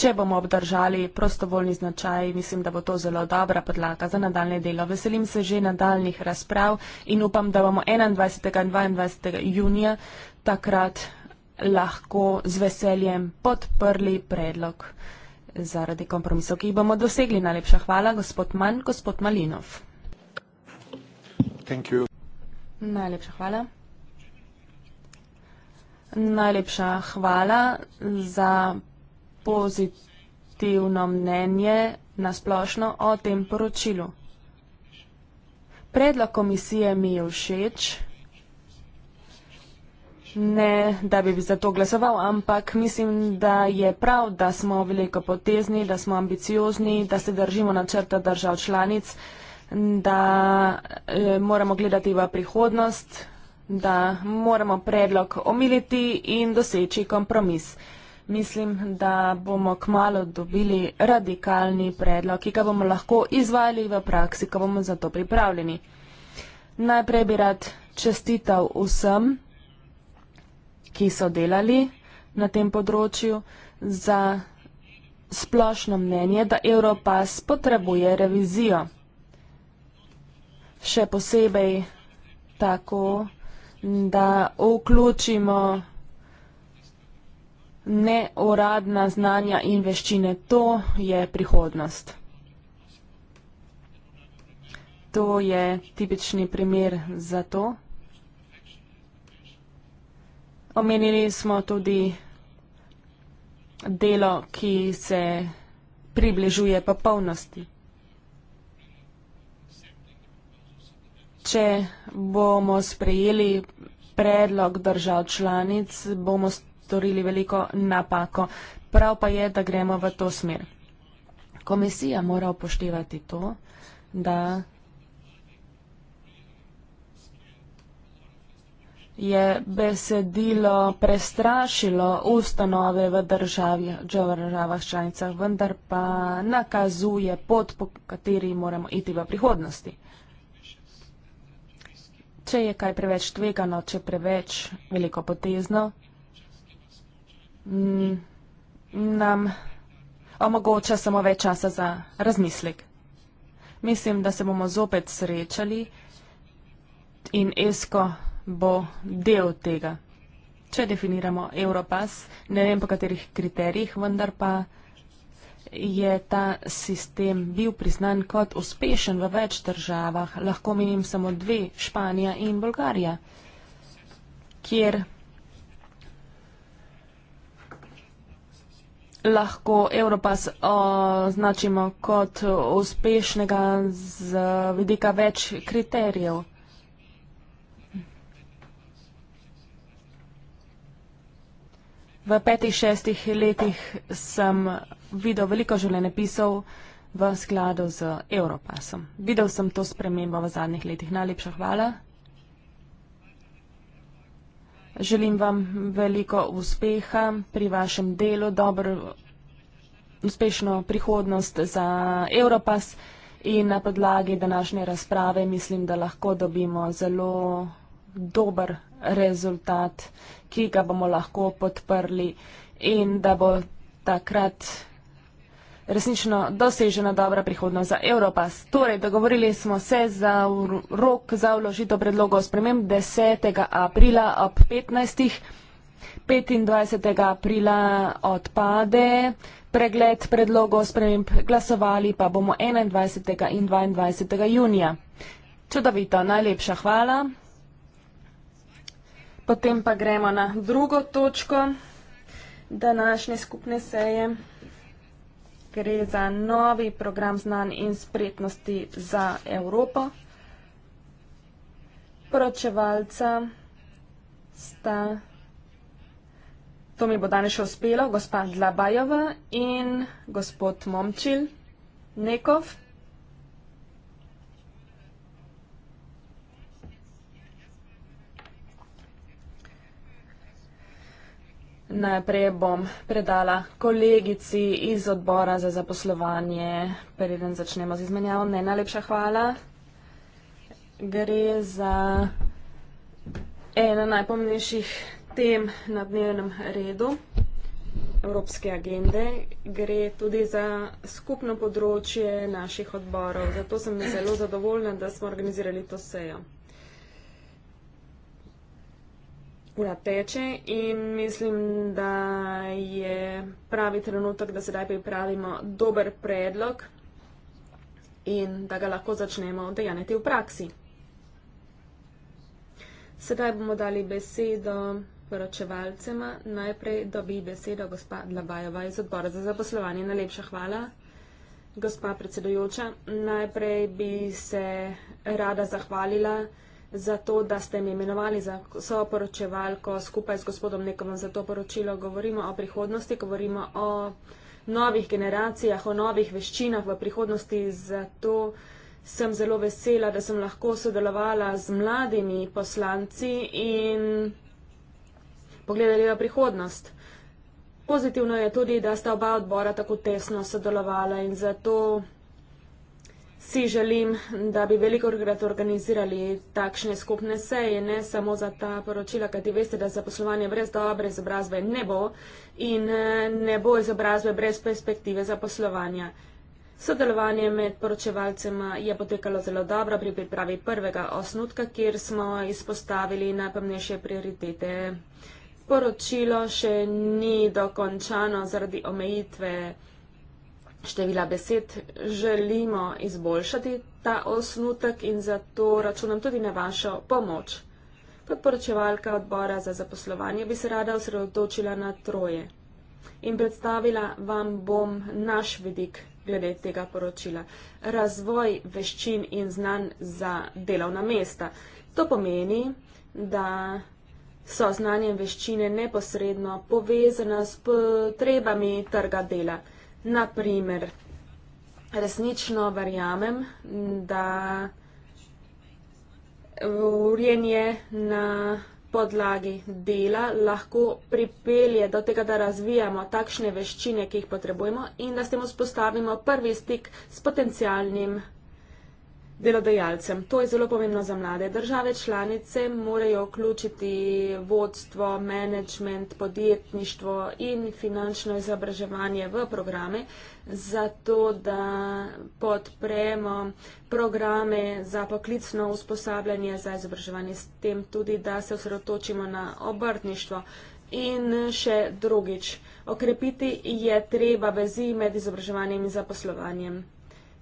Če bomo obdržali prostovoljni značaj, mislim, da bo to zelo dobra podlaga za nadaljne delo. Veselim se že nadaljnih razprav in upam, da bomo 21. in 22. junija takrat lahko z veseljem podprli predlog zaradi kompromisov, ki jih bomo dosegli. Najlepša hvala, gospod Manj, gospod Malinov. Najlepša hvala. Najlepša hvala za pozitivno mnenje na splošno o tem poročilu. Predlog komisije mi je všeč, ne da bi za to glasoval, ampak mislim, da je prav, da smo veliko potezni, da smo ambiciozni, da se držimo načrta držav članic, da e, moramo gledati v prihodnost, da moramo predlog omiliti in doseči kompromis mislim, da bomo kmalo dobili radikalni predlog, ki ga bomo lahko izvajali v praksi, ko bomo za to pripravljeni. Najprej bi rad čestital vsem, ki so delali na tem področju, za splošno mnenje, da Evropas potrebuje revizijo. Še posebej tako, da vključimo neuradna znanja in veščine. To je prihodnost. To je tipični primer za to. Omenili smo tudi delo, ki se približuje popolnosti. Če bomo sprejeli predlog držav članic, bomo storili veliko napako. Prav pa je, da gremo v to smer. Komisija mora upoštevati to, da je besedilo prestrašilo ustanove v državah članicah, vendar pa nakazuje pot, po kateri moramo iti v prihodnosti. Če je kaj preveč tvegano, če preveč veliko potezno, Mm, nam omogoča samo več časa za razmislek. Mislim, da se bomo zopet srečali in ESCO bo del tega. Če definiramo Europas, ne vem po katerih kriterijih, vendar pa je ta sistem bil priznan kot uspešen v več državah. Lahko menim samo dve, Španija in Bolgarija, kjer lahko Evropas označimo kot uspešnega z vidika več kriterijev? V petih, šestih letih sem videl veliko življenjepisov v skladu z Evropasom. Videl sem to spremembo v zadnjih letih. Najlepša hvala. Želim vam veliko uspeha pri vašem delu, dobro uspešno prihodnost za Europas in na podlagi današnje razprave mislim, da lahko dobimo zelo dober rezultat, ki ga bomo lahko podprli in da bo takrat resnično dosežena dobra prihodnost za Evropas. Torej, dogovorili smo se za rok za vložitev predlogov sprememb 10. aprila ob 15. 25. aprila odpade pregled predlogov sprememb, glasovali pa bomo 21. in 22. junija. Čudovito, najlepša hvala. Potem pa gremo na drugo točko današnje skupne seje gre za novi program znanj in spretnosti za Evropo. Poročevalca sta, to mi bo danes še uspelo, gospod Dlabajova in gospod Momčil Nekov. Najprej bom predala kolegici iz odbora za zaposlovanje, preden začnemo z izmenjavo. Ne, najlepša hvala. Gre za eno najpomnejših tem na dnevnem redu Evropske agende. Gre tudi za skupno področje naših odborov. Zato sem zelo zadovoljna, da smo organizirali to sejo. ura teče in mislim, da je pravi trenutek, da sedaj pripravimo dober predlog in da ga lahko začnemo dejaniti v praksi. Sedaj bomo dali besedo poročevalcema. Najprej dobi besedo gospa Dlabajeva iz odbora za zaposlovanje. Najlepša hvala. Gospa predsedujoča, najprej bi se rada zahvalila za to, da ste mi imenovali za sooporočevalko skupaj z gospodom Nekovom za to poročilo. Govorimo o prihodnosti, govorimo o novih generacijah, o novih veščinah v prihodnosti. Zato sem zelo vesela, da sem lahko sodelovala z mladimi poslanci in pogledali v prihodnost. Pozitivno je tudi, da sta oba odbora tako tesno sodelovala in zato si želim, da bi velikokrat organizirali takšne skupne seje, ne samo za ta poročila, kajti veste, da zaposlovanje brez dobre izobrazbe ne bo in eh, ne bo izobrazbe brez perspektive zaposlovanja. Sodelovanje med poročevalcema je potekalo zelo dobro pri pripravi prvega osnutka, kjer smo izpostavili najpomnejše prioritete. Poročilo še ni dokončano zaradi omejitve števila besed želimo izboljšati ta osnutek in zato računam tudi na vašo pomoč. Kot poročevalka odbora za zaposlovanje bi se rada osredotočila na troje in predstavila vam bom naš vidik glede tega poročila. Razvoj veščin in znanj za delovna mesta. To pomeni, da so znanje in veščine neposredno povezane s potrebami trga dela. Naprimer, resnično verjamem, da urjenje na podlagi dela lahko pripelje do tega, da razvijamo takšne veščine, ki jih potrebujemo in da s tem vzpostavimo prvi stik s potencialnim delodajalcem. To je zelo pomembno za mlade. Države članice morajo vključiti vodstvo, management, podjetništvo in finančno izobraževanje v programe, zato da podpremo programe za poklicno usposabljanje, za izobraževanje s tem tudi, da se osredotočimo na obrtništvo. In še drugič, okrepiti je treba vezi med izobraževanjem in zaposlovanjem.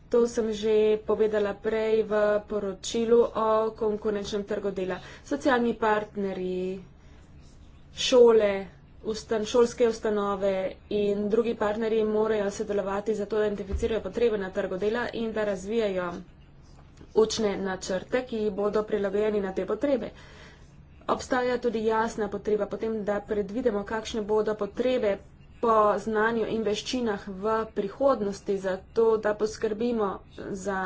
To sem že povedala prej v poročilu o konkurenčnem trgu dela. Socialni partnerji, šole, ustan, šolske ustanove in drugi partnerji morajo sodelovati za to, da identificirajo potrebe na trgu dela in da razvijajo učne načrte, ki bodo prilagojeni na te potrebe. Obstaja tudi jasna potreba potem, da predvidimo, kakšne bodo potrebe po znanju in veščinah v prihodnosti, zato da poskrbimo za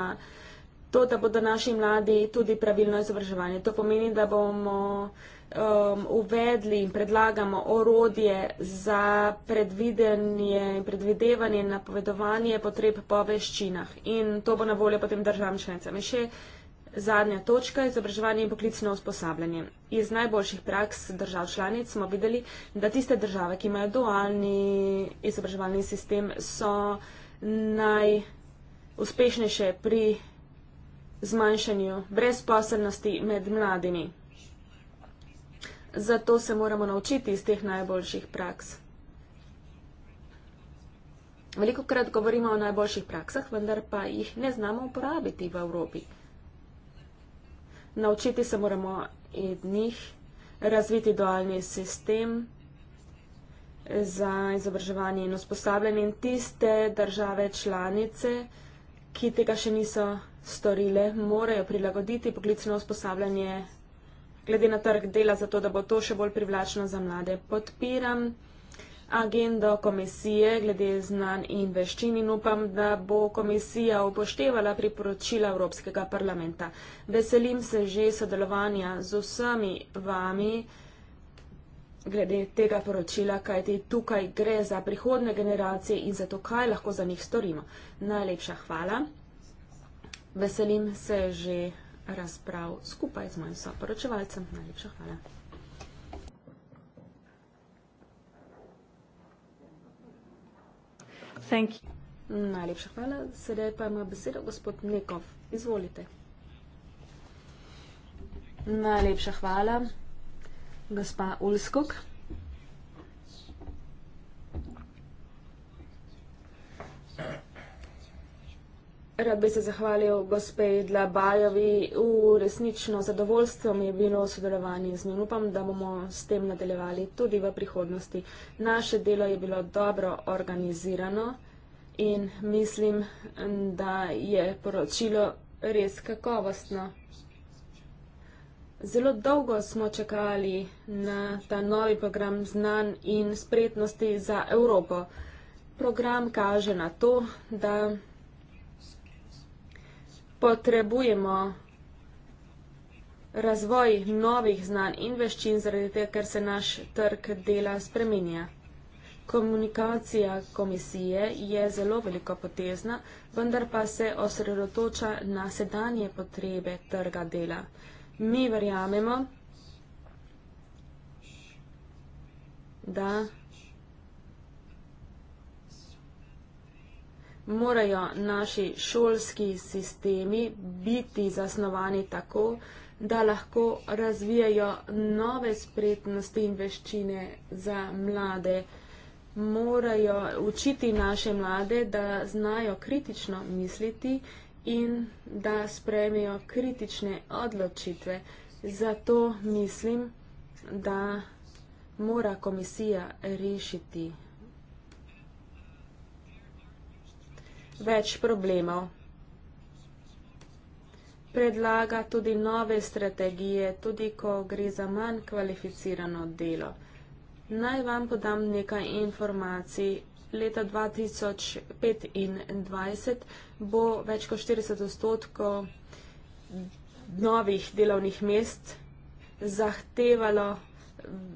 to, da bodo naši mladi tudi pravilno izobraževanje. To pomeni, da bomo um, uvedli in predlagamo orodje za predvidenje in predvidevanje in napovedovanje potreb po veščinah. In to bo na voljo potem državam članicam. Zadnja točka je izobraževanje in poklicno usposabljanje. Iz najboljših praks držav članic smo videli, da tiste države, ki imajo dualni izobraževalni sistem, so najuspešnejše pri zmanjšanju brezposelnosti med mladimi. Zato se moramo naučiti iz teh najboljših praks. Veliko krat govorimo o najboljših praksah, vendar pa jih ne znamo uporabiti v Evropi. Naučiti se moramo od njih, razviti dualni sistem za izobraževanje in usposabljanje in tiste države članice, ki tega še niso storile, morajo prilagoditi poklicno usposabljanje glede na trg dela, zato da bo to še bolj privlačno za mlade. Podpiram agendo komisije glede znanj in veščin in upam, da bo komisija upoštevala priporočila Evropskega parlamenta. Veselim se že sodelovanja z vsemi vami glede tega poročila, kajti tukaj gre za prihodne generacije in za to, kaj lahko za njih storimo. Najlepša hvala. Veselim se že razprav skupaj z mojim soporočevalcem. Najlepša hvala. Thank you. Najlepša hvala. Sedaj pa ima besedo gospod Mlekov. Izvolite. Najlepša hvala, gospa Ulskog. Yeah. Rad bi se zahvalil gospej Dlabajovi. V resnično zadovoljstvo mi je bilo sodelovanje z njim. Upam, da bomo s tem nadaljevali tudi v prihodnosti. Naše delo je bilo dobro organizirano in mislim, da je poročilo res kakovostno. Zelo dolgo smo čakali na ta novi program znanj in spretnosti za Evropo. Program kaže na to, da potrebujemo razvoj novih znanj in veščin, zaradi tega, ker se naš trg dela spremenja. Komunikacija komisije je zelo veliko potezna, vendar pa se osredotoča na sedanje potrebe trga dela. Mi verjamemo, da morajo naši šolski sistemi biti zasnovani tako, da lahko razvijajo nove spretnosti in veščine za mlade. Morajo učiti naše mlade, da znajo kritično misliti in da sprejmejo kritične odločitve. Zato mislim, da mora komisija rešiti več problemov. Predlaga tudi nove strategije, tudi ko gre za manj kvalificirano delo. Naj vam podam nekaj informacij. Leta 2025 bo več kot 40 odstotkov novih delovnih mest zahtevalo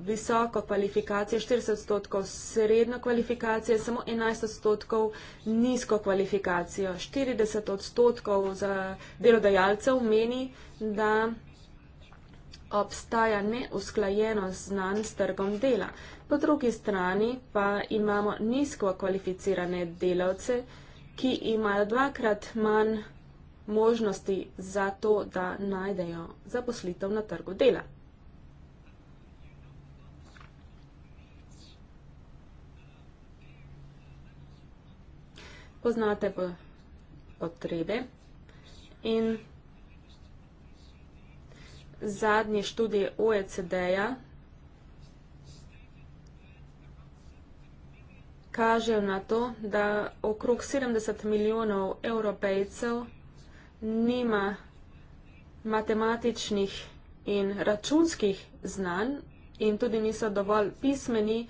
visoko kvalifikacije, 40 odstotkov srednjo kvalifikacije, samo 11 odstotkov nizko kvalifikacijo. 40 odstotkov za delodajalcev meni, da obstaja neusklajenost znanj s trgom dela. Po drugi strani pa imamo nizko kvalificirane delavce, ki imajo dvakrat manj možnosti za to, da najdejo zaposlitev na trgu dela. poznate potrebe. In zadnji študij OECD-ja kaže na to, da okrog 70 milijonov evropejcev nima matematičnih in računskih znanj in tudi niso dovolj pismeni,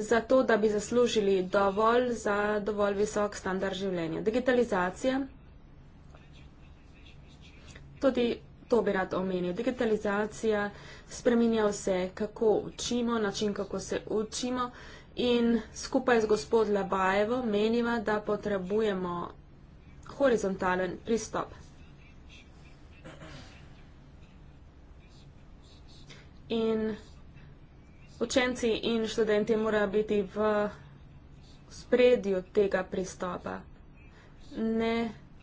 zato, da bi zaslužili dovolj za dovolj visok standard življenja. Digitalizacija, tudi to bi rad omenil, digitalizacija spreminja vse, kako učimo, način, kako se učimo in skupaj z gospod Labajevo meniva, da potrebujemo horizontalen pristop. In učenci in študenti morajo biti v spredju tega pristopa. Ne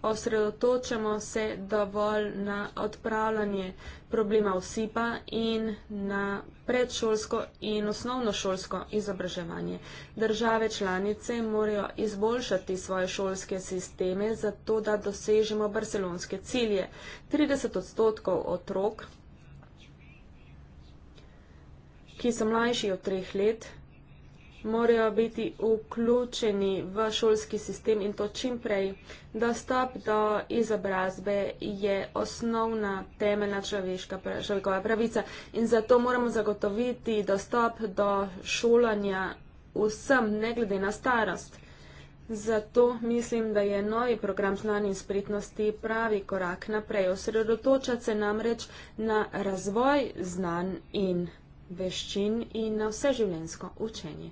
osredotočamo se dovolj na odpravljanje problema vsipa in na predšolsko in osnovnošolsko izobraževanje. Države članice morajo izboljšati svoje šolske sisteme, zato da dosežemo barcelonske cilje. 30 odstotkov otrok ki so mlajši od treh let, morajo biti vključeni v šolski sistem in to čim prej. Dostop do izobrazbe je osnovna temeljna človeška človekova pravica in zato moramo zagotoviti dostop do šolanja vsem, ne glede na starost. Zato mislim, da je novi program znanja in spritnosti pravi korak naprej. Osredotočati se namreč na razvoj znanj in veščin in na vseživljenjsko učenje.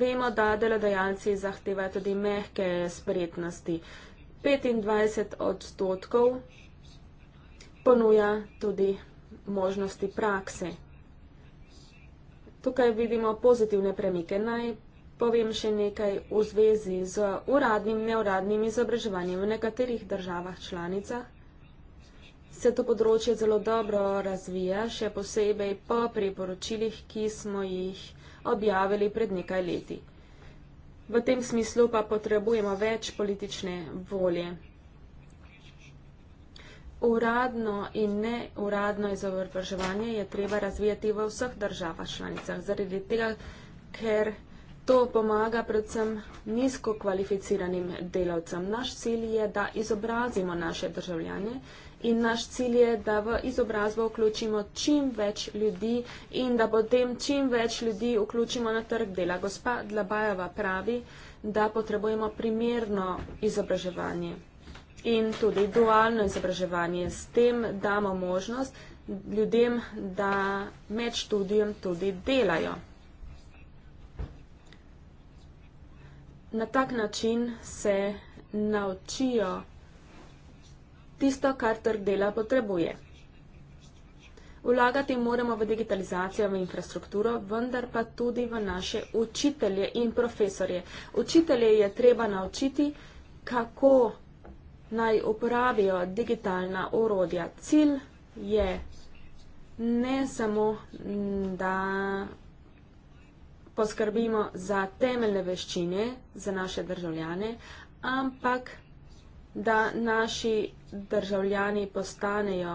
Vemo, da delodajalci zahtevajo tudi mehke spretnosti. 25 odstotkov ponuja tudi možnosti prakse. Tukaj vidimo pozitivne premike. Naj Povem še nekaj v zvezi z uradnim in neuradnim izobraževanjem v nekaterih državah članicah. Se to področje zelo dobro razvija, še posebej po priporočilih, ki smo jih objavili pred nekaj leti. V tem smislu pa potrebujemo več politične volje. Uradno in neuradno izobraževanje je treba razvijati v vseh državah članicah, zaradi tega, ker. To pomaga predvsem nizko kvalificiranim delavcem. Naš cilj je, da izobrazimo naše državljane in naš cilj je, da v izobrazbo vključimo čim več ljudi in da potem čim več ljudi vključimo na trg dela. Gospa Dlabajeva pravi, da potrebujemo primerno izobraževanje in tudi dualno izobraževanje. S tem damo možnost ljudem, da med študijem tudi delajo. na tak način se naučijo tisto, kar trg dela potrebuje. Vlagati moramo v digitalizacijo, v infrastrukturo, vendar pa tudi v naše učitelje in profesorje. Učitelje je treba naučiti, kako naj uporabijo digitalna orodja. Cilj je ne samo, da poskrbimo za temeljne veščine za naše državljane, ampak da naši državljani postanejo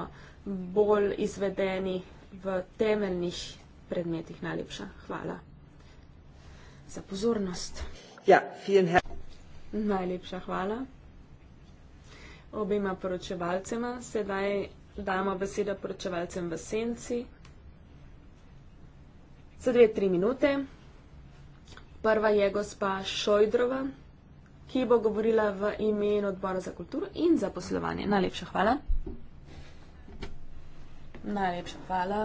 bolj izvedeni v temeljnih predmetih. Najlepša hvala za pozornost. Ja, Najlepša hvala. Obima poročevalcema sedaj damo besedo poročevalcem v senci. Za dve, tri minute. Prva je gospa Šojdrova, ki bo govorila v imenu odbora za kulturo in za poslovanje. Najlepša hvala. Najlepša hvala.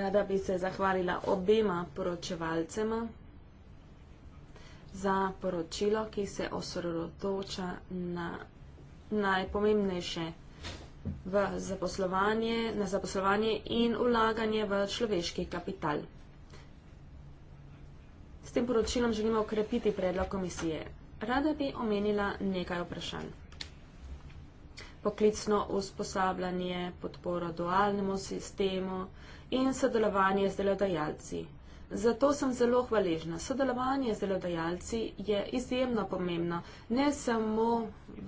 Rada bi se zahvalila obema poročevalcema za poročilo, ki se osredotoča na najpomembnejše v zaposlovanje, na zaposlovanje in ulaganje v človeški kapital. S tem poročilom želimo ukrepiti predlog komisije. Rada bi omenila nekaj vprašanj. Poklicno usposabljanje, podporo dualnemu sistemu in sodelovanje z delodajalci. Zato sem zelo hvaležna. Sodelovanje z delodajalci je izjemno pomembno, ne samo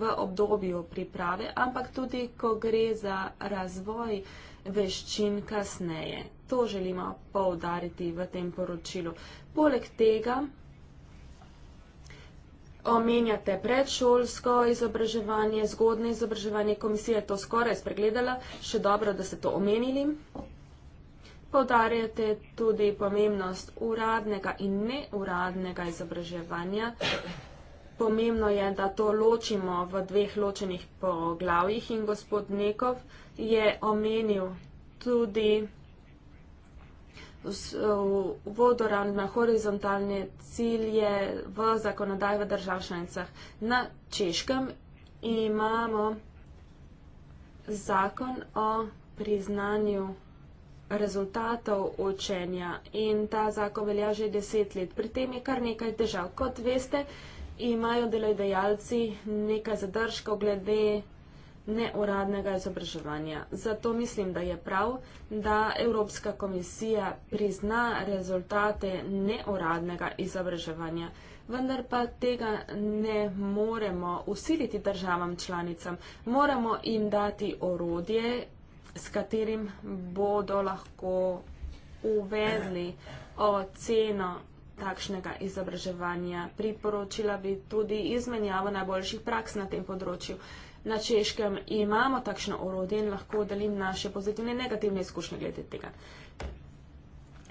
v obdobju priprave, ampak tudi, ko gre za razvoj veščin kasneje to želimo poudariti v tem poročilu. Poleg tega omenjate predšolsko izobraževanje, zgodne izobraževanje, komisija je to skoraj spregledala, še dobro, da ste to omenili. Podarjate tudi pomembnost uradnega in neuradnega izobraževanja. Pomembno je, da to ločimo v dveh ločenih poglavjih in gospod Nekov je omenil tudi. Eh, vodoravn na horizontalne cilje v zakonodaji v držav šanicah. Na Češkem imamo zakon o priznanju rezultatov učenja in ta zakon velja že deset let. Pri tem je kar nekaj težav. Kot veste, imajo delodajalci nekaj zadržkov glede neuradnega izobraževanja. Zato mislim, da je prav, da Evropska komisija prizna rezultate neuradnega izobraževanja. Vendar pa tega ne moremo usiliti državam članicam. Moramo jim dati orodje, s katerim bodo lahko uvedli oceno takšnega izobraževanja. Priporočila bi tudi izmenjavo najboljših praks na tem področju na češkem imamo takšno orodje in lahko delim naše pozitivne in negativne izkušnje glede tega.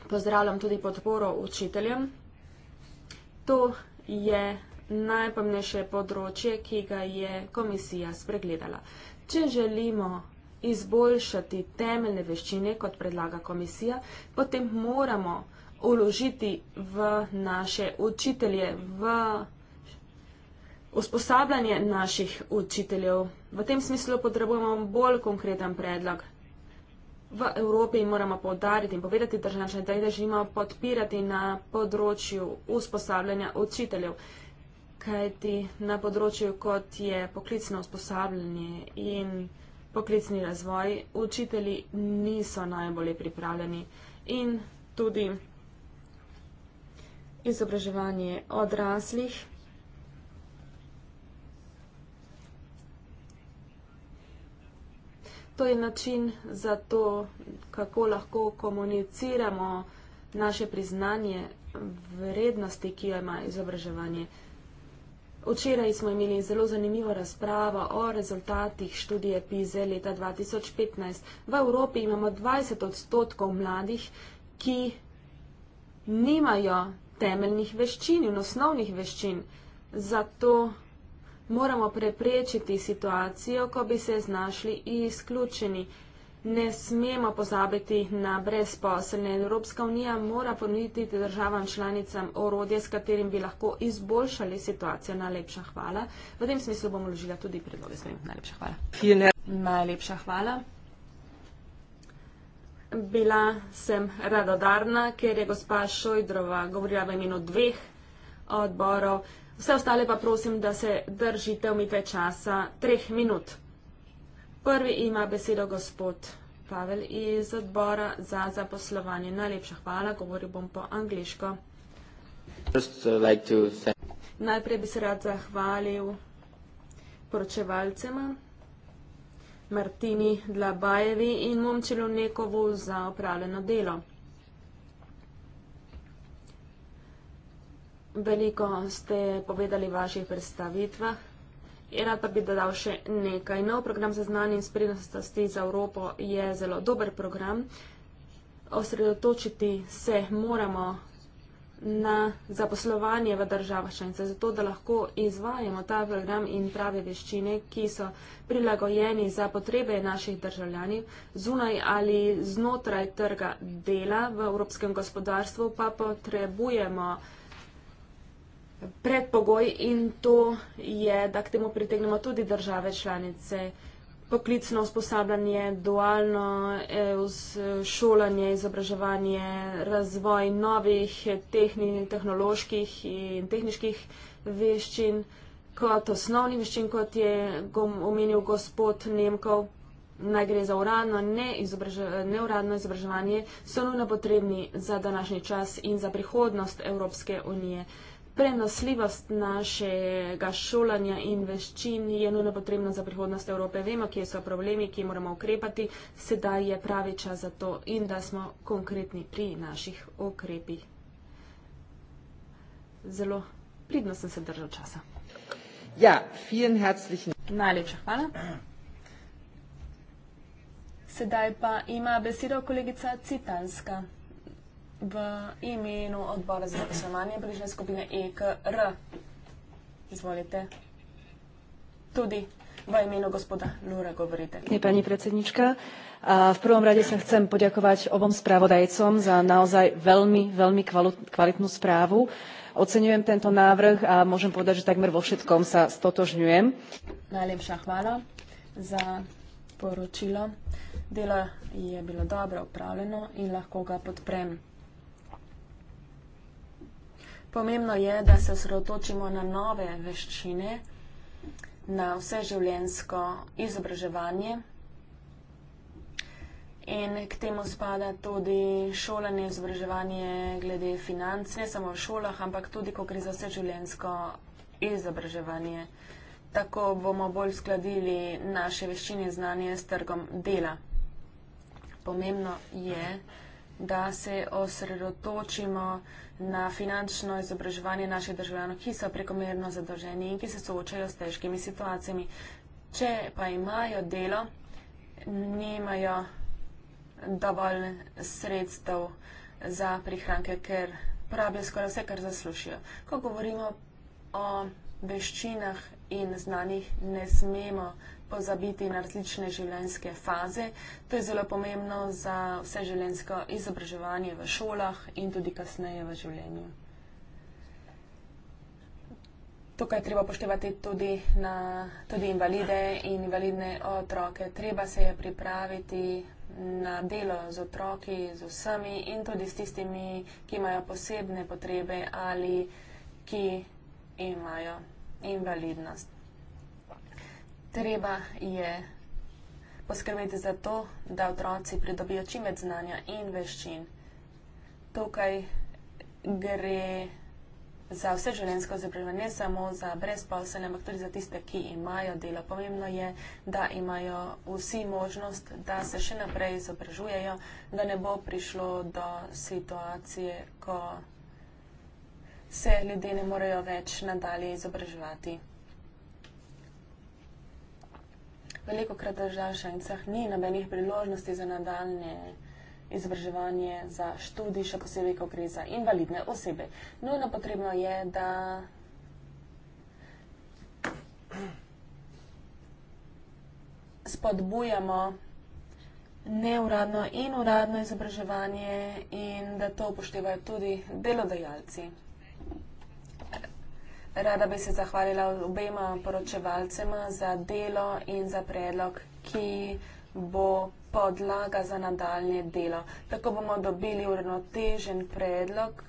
Pozdravljam tudi podporo učiteljem. To je najpomnejše področje, ki ga je komisija spregledala. Če želimo izboljšati temeljne veščine, kot predlaga komisija, potem moramo uložiti v naše učitelje, v učitelje, usposabljanje naših učiteljev. V tem smislu potrebujemo bolj konkreten predlog. V Evropi moramo povdariti in povedati državljanom, da jih držimo podpirati na področju usposabljanja učiteljev, kajti na področju, kot je poklicno usposabljanje in poklicni razvoj, učitelji niso najbolje pripravljeni in tudi izobraževanje odraslih. to je način za to, kako lahko komuniciramo naše priznanje vrednosti, ki jo ima izobraževanje. Včeraj smo imeli zelo zanimivo razpravo o rezultatih študije PISA leta 2015. V Evropi imamo 20 odstotkov mladih, ki nimajo temeljnih veščin in osnovnih veščin. Zato moramo preprečiti situacijo, ko bi se znašli izključeni. Ne smemo pozabiti na brezposelne. Evropska unija mora ponuditi državam članicam orodje, s katerim bi lahko izboljšali situacijo. Najlepša hvala. V tem smislu bomo vložila tudi predloge. Najlepša hvala. Najlepša hvala. Bila sem radodarna, ker je gospa Šojdrova govorila v imenu dveh odborov. Vse ostale pa prosim, da se držite omite časa treh minut. Prvi ima besedo gospod Pavel iz odbora za zaposlovanje. Najlepša hvala, govoril bom po angliško. Uh, like Najprej bi se rad zahvalil poročevalcema Martini Dlabajevi in Momčelu Nekovu za opravljeno delo. Veliko ste povedali v vaših predstavitvah. Rad pa bi dodal še nekaj. Nov program za znanje in sprednostnosti za Evropo je zelo dober program. Osredotočiti se moramo na zaposlovanje v državah članice, zato da lahko izvajamo ta program in prave veščine, ki so prilagojeni za potrebe naših državljanjev, zunaj ali znotraj trga dela v evropskem gospodarstvu, pa potrebujemo predpogoj in to je, da k temu pritegnemo tudi države članice. Poklicno usposabljanje, dualno eh, šolanje, izobraževanje, razvoj novih tehnik, tehnoloških in tehničkih veščin, kot osnovni veščin, kot je omenil gospod Nemkov, naj gre za uradno, neuradno izobraževanje, so nujno potrebni za današnji čas in za prihodnost Evropske unije prenosljivost našega šolanja in veščin je nujno potrebna za prihodnost Evrope. Vemo, kje so problemi, kje moramo ukrepati. Sedaj je pravi čas za to in da smo konkretni pri naših ukrepih. Zelo pridno sem se držal časa. Ja, vielen herzlichen. Najlepša hvala. Sedaj pa ima besedo kolegica Citanska v imenu odbora za zaposlovanje bližne skupine EKR. Izvolite. Tudi v imenu gospoda Lura govorite. Je pani predsednička. A v prvom rade sa chcem poďakovať obom spravodajcom za naozaj veľmi, veľmi kvalitnú správu. Oceňujem tento návrh a môžem povedať, že takmer vo všetkom sa stotožňujem. Najlepšia chvála za poročilo. Delo je bilo dobro upravljeno in lahko ga podprem. Pomembno je, da se osredotočimo na nove veščine, na vseživljensko izobraževanje. In k temu spada tudi šolanje, izobraževanje glede financ, ne samo v šolah, ampak tudi, ko gre za vseživljensko izobraževanje. Tako bomo bolj skladili naše veščine znanje s trgom dela. Pomembno je, da se osredotočimo na nove veščine, na vseživljensko izobraževanje da se osredotočimo na finančno izobraževanje naših državljanov, ki so prekomerno zadolženi in ki se soočajo s težkimi situacijami. Če pa imajo delo, nimajo dovolj sredstev za prihranke, ker pravijo skoraj vse, kar zaslušijo. Ko govorimo o veščinah in znanjih, ne smemo pozabiti na različne življenjske faze. To je zelo pomembno za vse življenjsko izobraževanje v šolah in tudi kasneje v življenju. Tukaj je treba poštevati tudi, na, tudi invalide in invalidne otroke. Treba se je pripraviti na delo z otroki, z vsemi in tudi s tistimi, ki imajo posebne potrebe ali ki imajo invalidnost. Treba je poskrbeti za to, da otroci pridobijo čim več znanja in veščin. Tukaj gre za vse življenjsko izobraževanje, ne samo za brezposelne, ampak tudi za tiste, ki imajo delo. Pomembno je, da imajo vsi možnost, da se še naprej izobražujejo, da ne bo prišlo do situacije, ko se ljudje ne morejo več nadalje izobraževati. veliko krat držav šencah ni nobenih priložnosti za nadaljne izobraževanje za študij, še posebej, ko gre za invalidne osebe. Nujno potrebno je, da spodbujamo neuradno in uradno izobraževanje in da to upoštevajo tudi delodajalci. Rada bi se zahvalila obema poročevalcema za delo in za predlog, ki bo podlaga za nadaljne delo. Tako bomo dobili uravnotežen predlog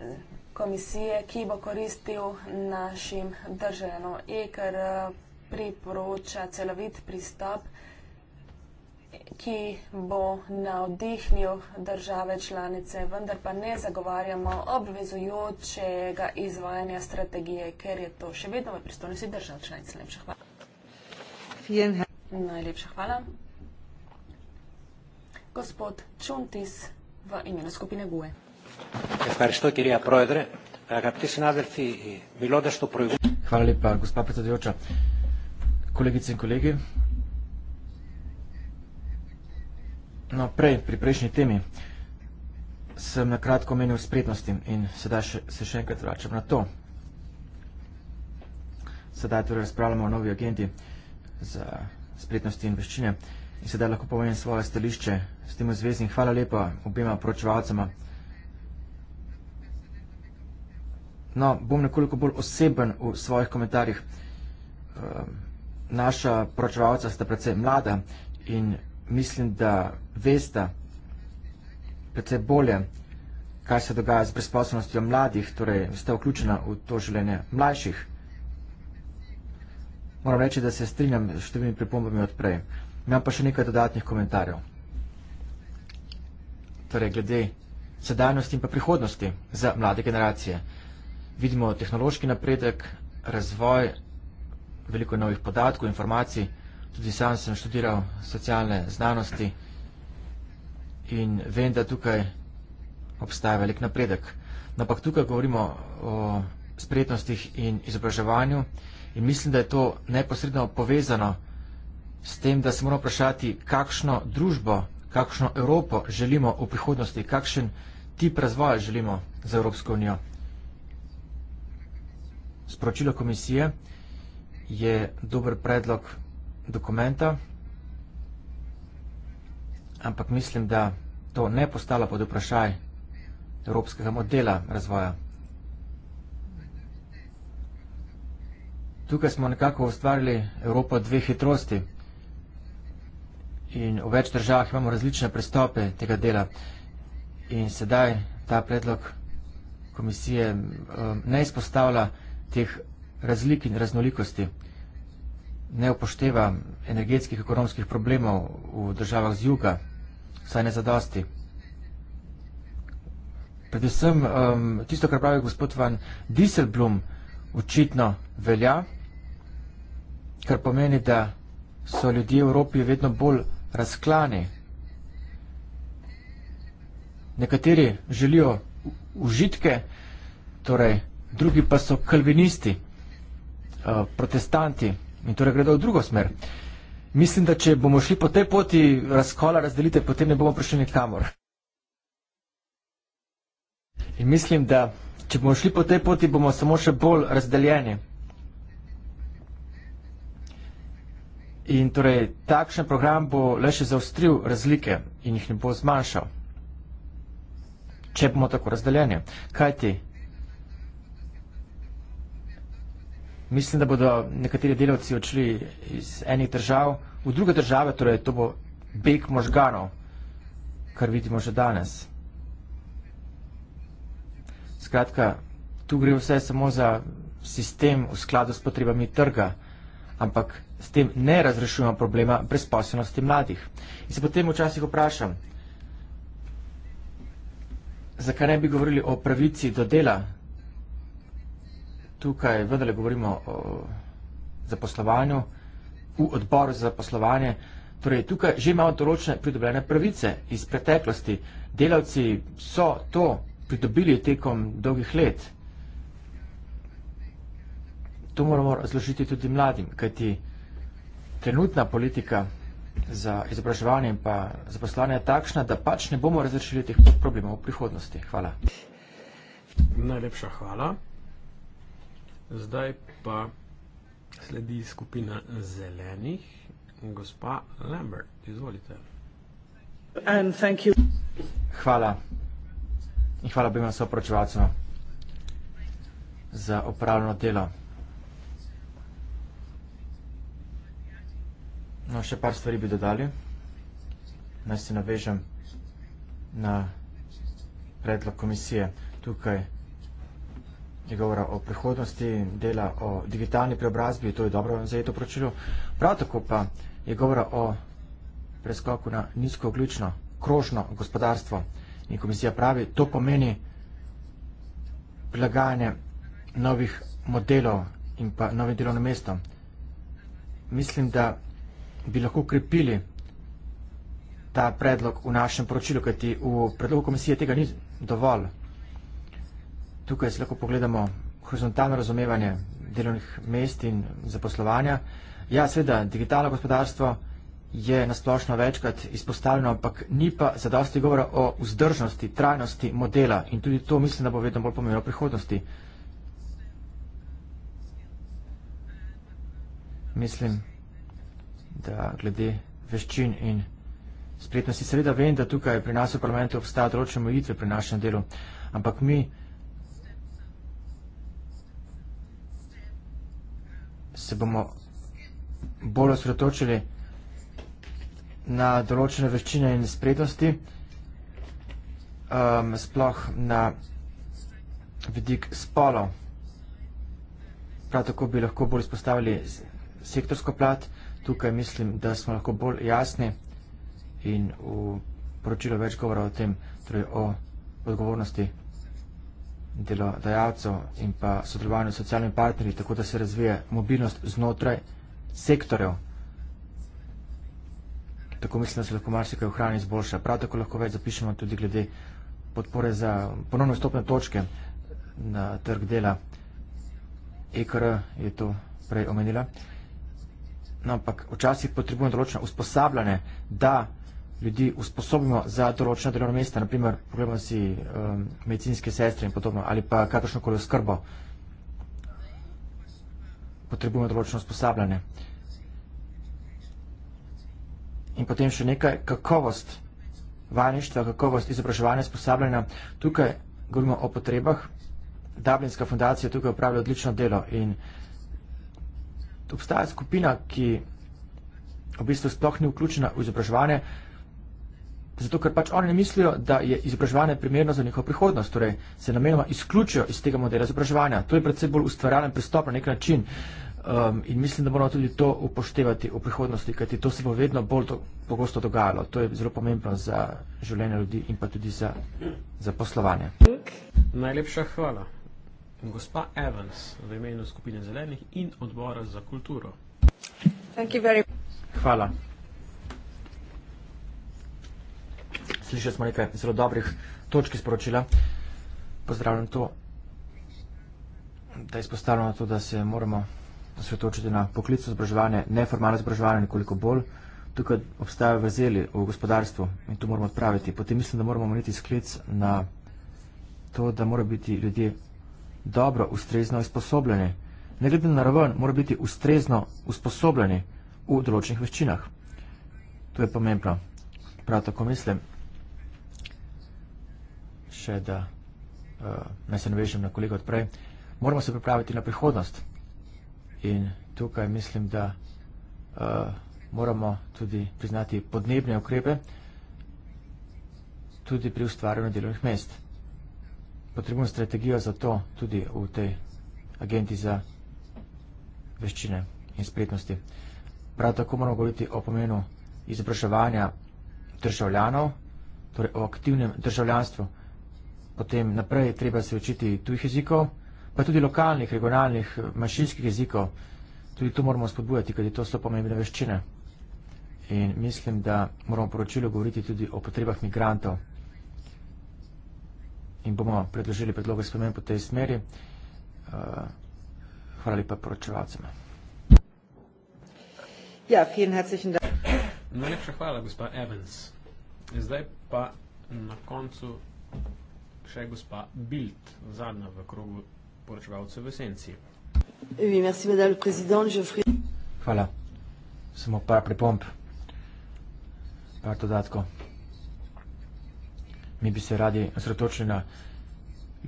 eh, komisije, ki bo koristil našim državljanom. EKR eh, priporoča celovit pristop ki bo navdihnil države članice, vendar pa ne zagovarjamo obvezujočega izvajanja strategije, ker je to še vedno v pristojnosti držav članic. Najlepša hvala. Najlepša hvala. Gospod Čuntis v imenu skupine GUE. Hvala lepa, gospa predsedujoča. Kolegice in kolegi, No, prej, pri prejšnji temi, sem na kratko omenil spretnosti in sedaj še, se še enkrat vračam na to. Sedaj torej razpravljamo o novi agendi za spretnosti in veščine in sedaj lahko povem svoje stališče s tem v zvezi in hvala lepa obema poročevalcema. No, bom nekoliko bolj oseben v svojih komentarjih. Ehm, naša poročevalca sta predvsej mlada in mislim, da veste predvsej bolje, kaj se dogaja z brezposobnostjo mladih, torej ste vključena v to življenje mlajših. Moram reči, da se strinjam s številnimi pripombami odprej. Imam pa še nekaj dodatnih komentarjev. Torej, glede sedajnosti in pa prihodnosti za mlade generacije. Vidimo tehnološki napredek, razvoj, veliko novih podatkov, informacij. Tudi sam sem študiral socialne znanosti in vem, da tukaj obstaja velik napredek. No, ampak tukaj govorimo o spretnostih in izobraževanju in mislim, da je to neposredno povezano s tem, da se moramo vprašati, kakšno družbo, kakšno Evropo želimo v prihodnosti, kakšen tip razvoja želimo za Evropsko unijo. Sporočilo komisije je dober predlog dokumenta, ampak mislim, da to ne postala pod vprašaj evropskega modela razvoja. Tukaj smo nekako ustvarili Evropo dve hitrosti in v več državah imamo različne prestope tega dela in sedaj ta predlog komisije eh, ne izpostavlja teh razlik in raznolikosti ne upošteva energetskih ekonomskih problemov v državah z juga, saj ne zadosti. Predvsem um, tisto, kar pravi gospod Van Dieselblum, očitno velja, kar pomeni, da so ljudje v Evropi vedno bolj razklani. Nekateri želijo užitke, torej drugi pa so kalvinisti, uh, protestanti in torej gredo v drugo smer. Mislim, da če bomo šli po tej poti razkola, razdelitev, potem ne bomo prišli nikamor. In mislim, da če bomo šli po tej poti, bomo samo še bolj razdeljeni. In torej, takšen program bo le še zaostril razlike in jih ne bo zmanjšal, če bomo tako razdeljeni. Kaj ti? Mislim, da bodo nekateri delavci odšli iz enih držav v druge države, torej to bo beg možganov, kar vidimo že danes. Skratka, tu gre vse samo za sistem v skladu s potrebami trga, ampak s tem ne razrešujemo problema brezposobnosti mladih. In se potem včasih vprašam, zakaj ne bi govorili o pravici do dela, tukaj vendarle govorimo o zaposlovanju, v odboru za zaposlovanje. Torej, tukaj že imamo določene pridobljene pravice iz preteklosti. Delavci so to pridobili tekom dolgih let. To moramo razložiti tudi mladim, kajti trenutna politika za izobraževanje in pa zaposlovanje je takšna, da pač ne bomo razrešili teh problemov v prihodnosti. Hvala. Najlepša hvala. Zdaj pa sledi skupina zelenih. Gospa Lambert, izvolite. Hvala. In hvala obima soopročevalcema za opravljeno delo. No, še par stvari bi dodali. Naj se navežem na predlog komisije. Tukaj njegovora o prihodnosti dela o digitalni preobrazbi, to je dobro zajeto pročilo. Prav tako pa je govora o preskoku na nizkooglično, krožno gospodarstvo. In komisija pravi, to pomeni prilagajanje novih modelov in pa nove delovne mesto. Mislim, da bi lahko krepili ta predlog v našem poročilu, kajti v predlogu komisije tega ni dovolj tukaj lahko pogledamo horizontalno razumevanje delovnih mest in zaposlovanja. Ja, seveda, digitalno gospodarstvo je nasplošno večkrat izpostavljeno, ampak ni pa za dosti govora o vzdržnosti, trajnosti modela in tudi to mislim, da bo vedno bolj pomembno v prihodnosti. Mislim, da glede veščin in spretnosti, seveda vem, da tukaj pri nas v parlamentu obstajajo določene mojitve pri našem delu, ampak mi vsega, se bomo bolj osredotočili na določene veščine in spretnosti, um, sploh na vidik spolov. Prav tako bi lahko bolj izpostavili sektorsko plat. Tukaj mislim, da smo lahko bolj jasni in v poročilu več govora o tem, torej o odgovornosti delodajalcev in pa sodelovanju s socialnimi partnerji, tako da se razvije mobilnost znotraj sektorjev. Tako mislim, da se lahko marsikaj v hrani izboljša. Prav tako lahko več zapišemo tudi glede podpore za ponovno stopne točke na trg dela. EKR je to prej omenila. No, ampak včasih potrebujemo določeno usposabljanje, da se ljudi usposobimo za določena delovna mesta, naprimer, pogledamo si um, medicinske sestre in podobno, ali pa kakršnokoli oskrbo, potrebujemo določeno usposabljanje. In potem še nekaj, kakovost vajništva, kakovost izobraževanja, usposabljanja. Tukaj govorimo o potrebah. Dublinska fundacija tukaj opravlja odlično delo in obstaja skupina, ki v bistvu sploh ni vključena v izobraževanje, zato ker pač oni mislijo, da je izobraževanje primerno za njihovo prihodnost, torej se namenoma izključijo iz tega modela izobraževanja. To je predvsem bolj ustvarjalen pristop na nek način um, in mislim, da moramo tudi to upoštevati v prihodnosti, kajti to se bo vedno bolj do, pogosto dogajalo. To je zelo pomembno za življenje ljudi in pa tudi za, za poslovanje. Najlepša hvala. Gospa Evans v imenu skupine zelenih in odbora za kulturo. Hvala. slišali smo nekaj zelo dobrih točk sporočila. Pozdravljam to, da je izpostavljeno to, da se moramo osvetočiti na poklicno izobraževanje, neformalno izobraževanje nekoliko bolj. Tukaj obstajajo vrzeli v gospodarstvu in to moramo odpraviti. Potem mislim, da moramo imeti sklic na to, da mora biti ljudje dobro, ustrezno izposobljeni. Ne glede na raven, mora biti ustrezno usposobljeni v določenih veščinah. To je pomembno. Prav tako mislim, še, da uh, se navežem na kolega odprej, moramo se pripraviti na prihodnost. In tukaj mislim, da uh, moramo tudi priznati podnebne ukrepe, tudi pri ustvarjanju delovnih mest. Potrebujemo strategijo za to, tudi v tej agendi za veščine in spretnosti. Prav tako moramo govoriti o pomenu izobraževanja državljanov, torej o aktivnem državljanstvu potem naprej treba se učiti tujih jezikov, pa tudi lokalnih, regionalnih, manjšinskih jezikov. Tudi to moramo spodbujati, ker je to so pomembne veščine. In mislim, da moramo v poročilu govoriti tudi o potrebah migrantov. In bomo predložili predloge spomen po tej smeri. Eh, hvala lepa poročevalcema. Ja, vielen herzlichen Dank. Najlepša hvala, gospa Evans. Zdaj pa na koncu še gospa Bilt, zadnja v krogu poročevalcev v Senci. Hvala. Samo par pripomb, par dodatkov. Mi bi se radi osredotočili na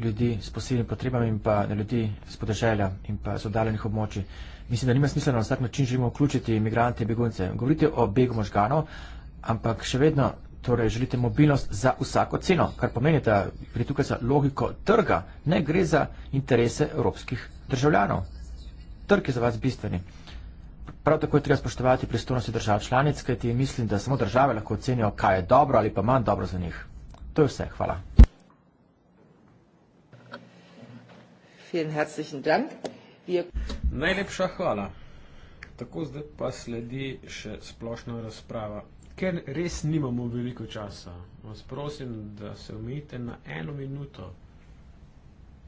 ljudi s posebnimi potrebami in pa na ljudi s podeželja in pa z oddaljenih območij. Mislim, da nima smisla na vsak način želimo vključiti imigrante in begunce. Govorite o begu možganov, ampak še vedno torej želite mobilnost za vsako ceno, kar pomeni, da gre tukaj za logiko trga, ne gre za interese evropskih državljanov. Trg je za vas bistveni. Prav tako je treba spoštovati pristojnosti držav članic, kajti mislim, da samo države lahko ocenijo, kaj je dobro ali pa manj dobro za njih. To je vse. Hvala. Najlepša hvala. Tako zdaj pa sledi še splošna razprava. Ker res nimamo veliko časa, vas prosim, da se omejite na eno minuto.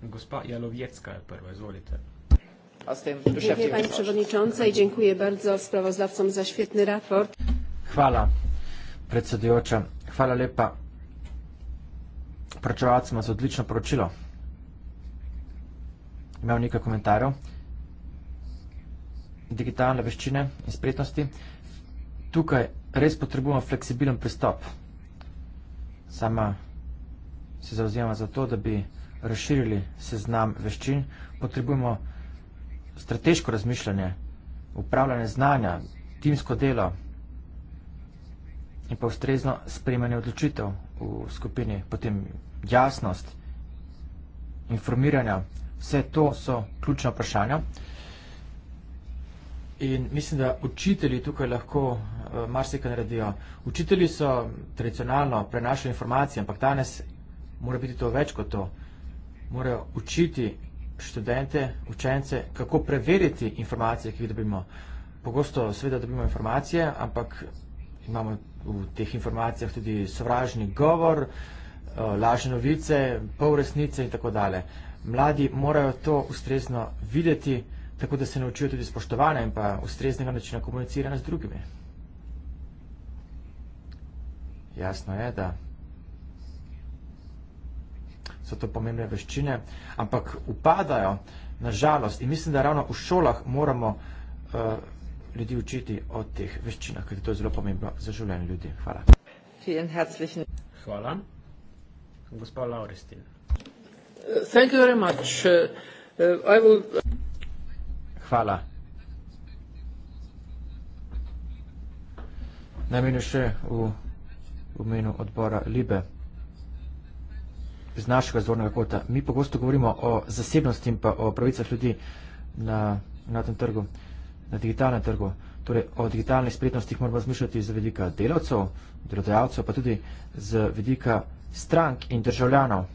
Gospa Jalovjecka je prva, izvolite. Dziękuję Pani Przewodnicząca i dziękuję bardzo sprawozdawcom za świetny raport. Hvala, predsedujoča. Hvala lepa. Pročevalc ima za odlično poročilo. Imel nekaj komentarjev. Digitalne veščine in spretnosti. Tukaj res potrebujemo fleksibilen pristop. Sama se zauzema za to, da bi razširili seznam veščin, potrebujemo strateško razmišljanje, upravljanje znanja, timsko delo in pa ustrezno sprejmanje odločitev v skupini, potem jasnost, informiranja, vse to so ključna vprašanja. In mislim, da učitelji tukaj lahko uh, marsikaj naredijo. Učitelji so tradicionalno prenašali informacije, ampak danes mora biti to več kot to. Morajo učiti študente, učence, kako preveriti informacije, ki jih dobimo. Pogosto seveda dobimo informacije, ampak imamo v teh informacijah tudi sovražni govor, uh, lažne novice, polresnice in tako dalje. Mladi morajo to ustrezno videti tako da se naučijo tudi spoštovanja in pa ustreznega načina komuniciranja z drugimi. Jasno je, da so to pomembne veščine, ampak upadajo na žalost in mislim, da ravno v šolah moramo uh, ljudi učiti o teh veščinah, ker to je zelo pomembno za življenje ljudi. Hvala. Hvala. Gospod Lauristin. Thank you very much. Uh, uh I will hvala. Najmenu še v imenu odbora Libe. Z našega zornega kota. Mi pogosto govorimo o zasebnosti in pa o pravicah ljudi na, na tem trgu, na digitalnem trgu. Torej, o digitalnih spretnostih moramo razmišljati z vedika delavcev, delodajalcev, pa tudi z vedika strank in državljanov.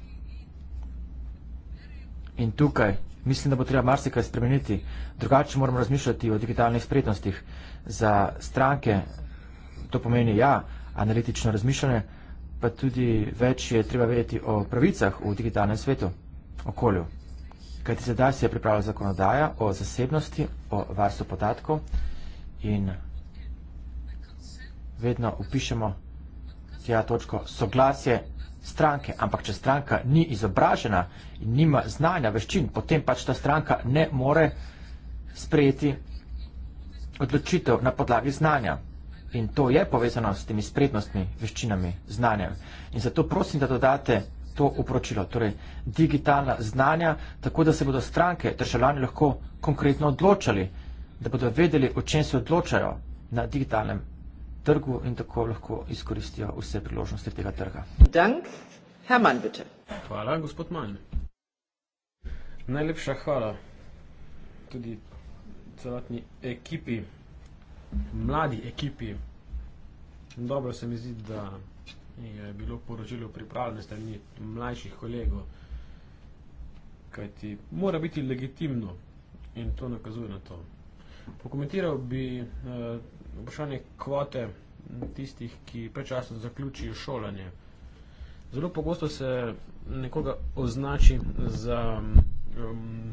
In tukaj mislim, da bo treba marsikaj spremeniti. Drugače moramo razmišljati o digitalnih spretnostih. Za stranke to pomeni ja, analitično razmišljanje, pa tudi več je treba vedeti o pravicah v digitalnem svetu, okolju. Kajti sedaj se je pripravila zakonodaja o zasebnosti, o varstvu podatkov in vedno upišemo tja točko soglasje stranke, ampak če stranka ni izobražena in nima znanja, veščin, potem pač ta stranka ne more sprejeti odločitev na podlagi znanja. In to je povezano s temi sprednostmi, veščinami, znanjem. In zato prosim, da dodate to upročilo, torej digitalna znanja, tako da se bodo stranke, državljani lahko konkretno odločali, da bodo vedeli, o čem se odločajo na digitalnem trgu in tako lahko izkoristijo vse priložnosti tega trga. Dank, Herr Mann, bitte. Hvala, gospod Mann. Najlepša hvala tudi celotni ekipi, mladi ekipi. Dobro se mi zdi, da je bilo poročilo pripravljeno strani mlajših kolegov, kajti mora biti legitimno in to nakazuje na to. Pokomentiral bi eh, vprašanje kvote tistih, ki prečasno zaključijo šolanje. Zelo pogosto se nekoga označi za um,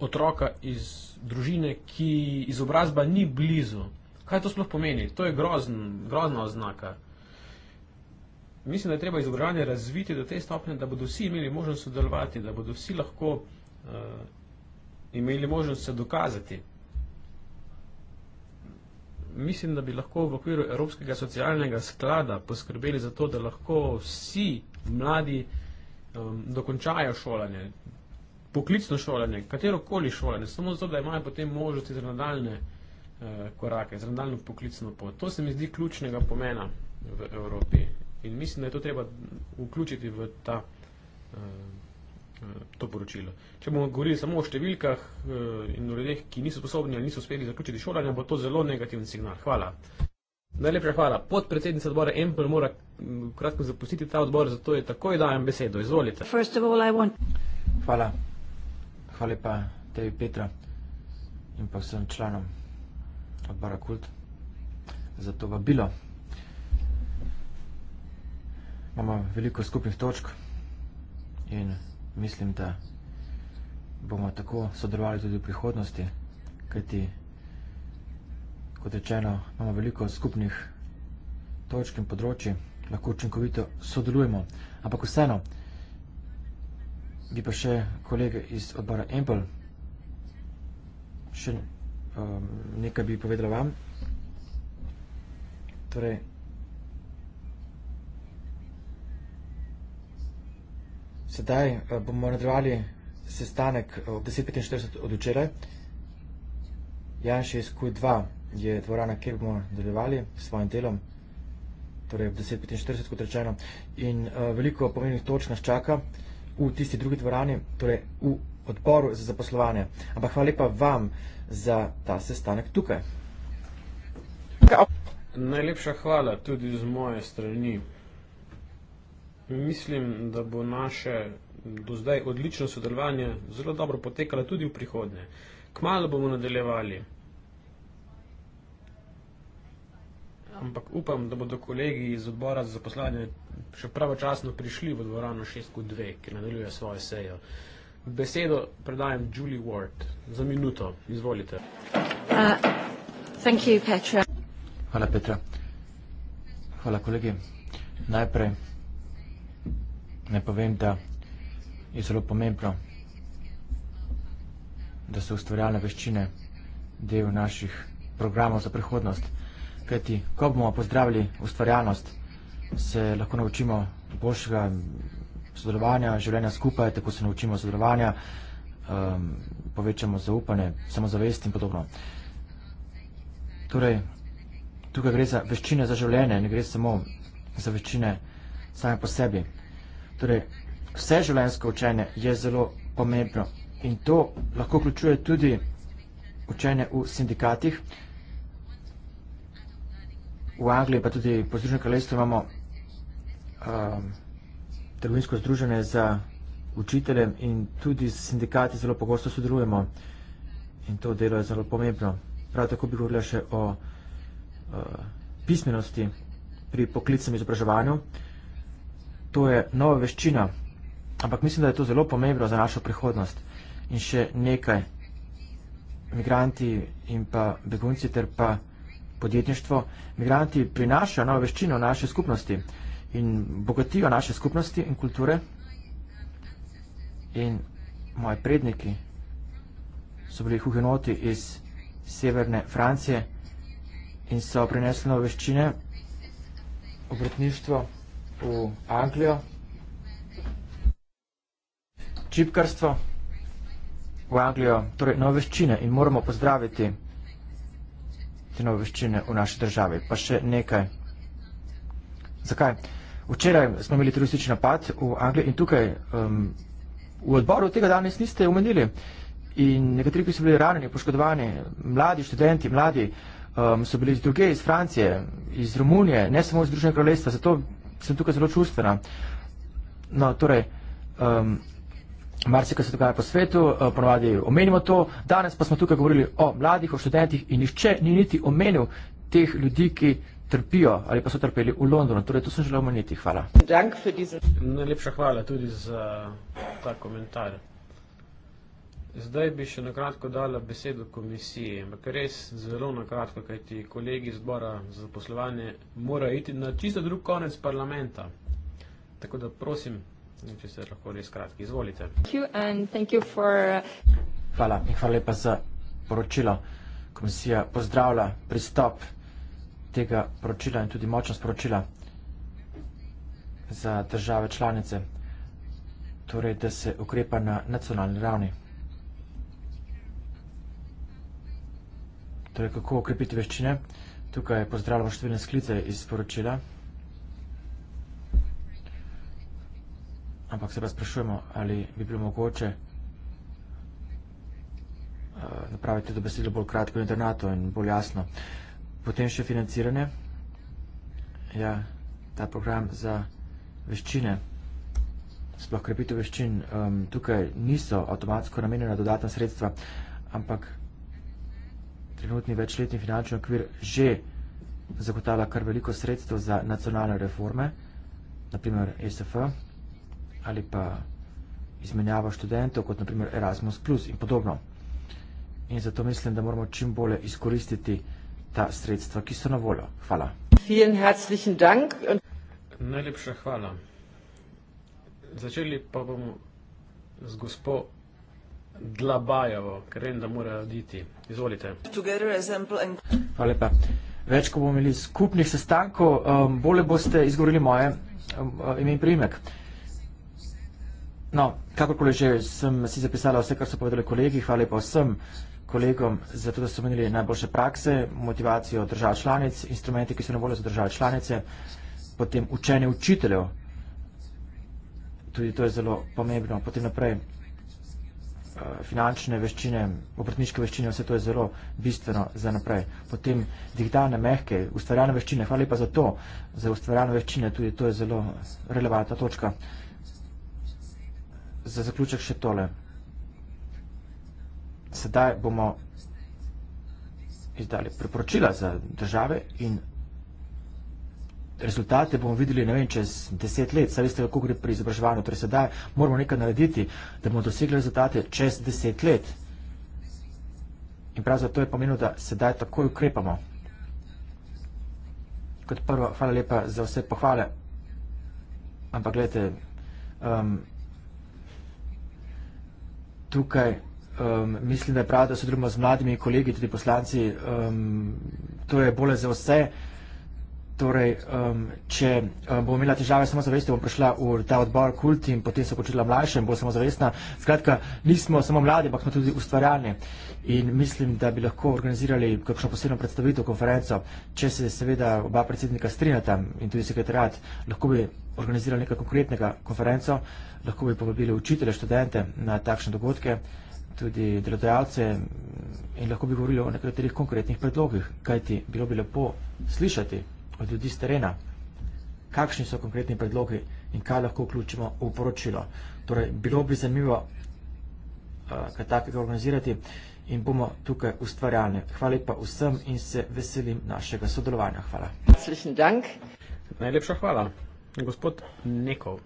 otroka iz družine, ki izobrazba ni blizu. Kaj to sploh pomeni? To je grozn, grozna oznaka. Mislim, da je treba izobraževanje razviti do te stopnje, da bodo vsi imeli možnost sodelovati, da bodo vsi lahko uh, imeli možnost se dokazati mislim, da bi lahko v okviru Evropskega socialnega sklada poskrbeli za to, da lahko vsi mladi um, dokončajo šolanje, poklicno šolanje, katerokoli šolanje, samo zato, da imajo potem možnosti za nadaljne uh, korake, za nadaljno poklicno pot. To se mi zdi ključnega pomena v Evropi in mislim, da je to treba vključiti v ta. Uh, Eh, to poročilo. Če bomo govorili samo o številkah eh, in o ljudeh, ki niso sposobni ali niso uspeli zaključiti šolanja, bo to zelo negativen signal. Hvala. Najlepša hvala. Podpredsednica odbora Empel mora mm, kratko zapustiti ta odbor, zato je takoj dajem besedo. Izvolite. Hvala. Hvala lepa tebi, Petra, in pa vsem članom odbora Kult za to vabilo. Imamo veliko skupnih točk in mislim, da bomo tako sodelovali tudi v prihodnosti, kajti, kot rečeno, imamo veliko skupnih točk in področji, lahko učinkovito sodelujemo. Ampak vseeno, bi pa še kolega iz odbora Ample, še um, nekaj bi povedala vam. Torej, Sedaj eh, bomo nadaljevali sestanek eh, ob 10.45 od včeraj. Janša iz Q2 je dvorana, kjer bomo nadaljevali s svojim delom, torej ob 10.45, kot rečeno. In eh, veliko pomembnih točk nas čaka v tisti drugi dvorani, torej v odporu za zaposlovanje. Ampak hvala lepa vam za ta sestanek tukaj. Najlepša hvala tudi z moje strani. Mislim, da bo naše do zdaj odlično sodelovanje zelo dobro potekalo tudi v prihodnje. Kmalo bomo nadaljevali. Ampak upam, da bodo kolegi iz odbora za poslanje še pravočasno prišli v dvorano 6.2, ki nadaljuje svojo sejo. Besedo predajam Julie Ward. Za minuto, izvolite. Uh, you, Petra. Hvala, Petra. Hvala, kolegi. Najprej. Naj povem, da je zelo pomembno, da so ustvarjalne veščine del naših programov za prihodnost. Kajti, ko bomo pozdravili ustvarjalnost, se lahko naučimo boljšega sodelovanja, življenja skupaj, tako se naučimo sodelovanja, um, povečamo zaupanje, samozavest in podobno. Torej, tukaj gre za veščine za življenje, ne gre samo za veščine same po sebi. Torej, vse življenjsko učenje je zelo pomembno in to lahko vključuje tudi učenje v sindikatih. V Angliji pa tudi po Združenem kraljestvu imamo um, trgovinsko združenje za učitelje in tudi s sindikati zelo pogosto sodelujemo in to delo je zelo pomembno. Prav tako bi govorila še o uh, pismenosti pri poklicnem izobraževanju. Uh, to je nova veščina, ampak mislim, da je to zelo pomembno za našo prihodnost. In še nekaj, migranti in pa begunci ter pa podjetništvo, migranti prinašajo novo veščino naše skupnosti in bogatijo naše skupnosti in kulture. In moji predniki so bili huhenoti iz severne Francije in so prinesli nove veščine, obrtništvo v Anglijo, čipkarstvo v Anglijo, torej nove veščine in moramo pozdraviti te nove veščine v naši državi. Pa še nekaj. Zakaj? Včeraj smo imeli teroristični napad v Angliji in tukaj um, v odboru tega danes niste omenili. In nekateri, ki so bili ranjeni, poškodovani, mladi študenti, mladi, um, so bili iz druge, iz Francije, iz Romunije, ne samo iz Združenega kraljestva. Zato sem tukaj zelo čustvena. No, torej, um, Marsika se dogaja po svetu, uh, ponovadi omenimo to. Danes pa smo tukaj govorili o mladih, o študentih in nišče ni niti omenil teh ljudi, ki trpijo ali pa so trpeli v Londonu. Torej, to sem želel omeniti. Hvala. Najlepša hvala tudi za ta komentar. Zdaj bi še nakratko dala besedo komisiji, ampak res zelo nakratko, kajti kolegi zbora za poslovanje morajo iti na čisto drug konec parlamenta. Tako da prosim, če se lahko res kratki, izvolite. Uh, hvala in hvala lepa za poročilo. Komisija pozdravlja pristop tega poročila in tudi močnost poročila za države članice, torej da se ukrepa na nacionalni ravni. torej kako okrepiti veščine. Tukaj pozdravljamo številne sklice iz sporočila. Ampak se pa sprašujemo, ali bi bilo mogoče eh, napraviti to besedilo bolj kratko in internato in bolj jasno. Potem še financiranje. Ja, ta program za veščine, sploh krepitev veščin, tukaj niso avtomatsko namenjena dodatna sredstva, ampak vsega, trenutni večletni finančni okvir že zagotavlja kar veliko sredstev za nacionalne reforme, naprimer e SF ali pa izmenjava študentov, kot naprimer Erasmus Plus in podobno. In zato mislim, da moramo čim bolje izkoristiti ta sredstva, ki so na voljo. Hvala. Najlepša hvala. Začeli pa bomo z gospod Glabajevo, ker vem, da mora oditi. Izvolite. Hvala lepa. Več, ko bomo imeli skupnih sestankov, um, bolje boste izgovorili moje um, uh, ime in primek. No, kakorkoli že, sem si zapisala vse, kar so povedali kolegi. Hvala lepa vsem kolegom za to, da so menili najboljše prakse, motivacijo držav članic, instrumente, ki so na voljo za države članice, potem učenje učiteljev. Tudi to je zelo pomembno. Potem naprej Eh, finančne veščine, obrtniške veščine, vse to je zelo bistveno za naprej. Potem digitalne mehke, ustvarjalne veščine, hvala lepa za to, za ustvarjalne veščine, tudi to je zelo relevantna točka. Za zaključek še tole. Sedaj bomo izdali priporočila za države in države rezultate bomo videli, ne vem, čez deset let. Saj veste, kako gre pri izobraževanju. Torej sedaj moramo nekaj narediti, da bomo dosegli rezultate čez deset let. In prav zato je pomenilo, da sedaj takoj ukrepamo. Kot prvo, hvala lepa za vse pohvale. Ampak gledajte, um, tukaj um, mislim, da je prav, da sodelujemo z mladimi kolegi, tudi poslanci. Um, to je bolje za vse. Torej, um, če um, bom imela težave samozavesti, bom prišla v ta odbor kulti in potem se počutila mlajša in bolj samozavestna. Skratka, nismo samo mladi, ampak smo tudi ustvarjalni. In mislim, da bi lahko organizirali kakšno posebno predstavitev, konferenco, če se seveda oba predsednika strinjata in tudi sekretarjat, lahko bi organizirali nekaj konkretnega konferenco, lahko bi povabili učitelje, študente na takšne dogodke, tudi delodajalce in lahko bi govorili o nekaterih konkretnih predlogih, kajti bilo bi lepo slišati od ljudi z terena, kakšni so konkretni predlogi in kaj lahko vključimo v poročilo. Torej, bilo bi zanimivo, eh, kaj takega organizirati in bomo tukaj ustvarjalni. Hvala lepa vsem in se veselim našega sodelovanja. Hvala. Najlepša hvala. Gospod Nekov,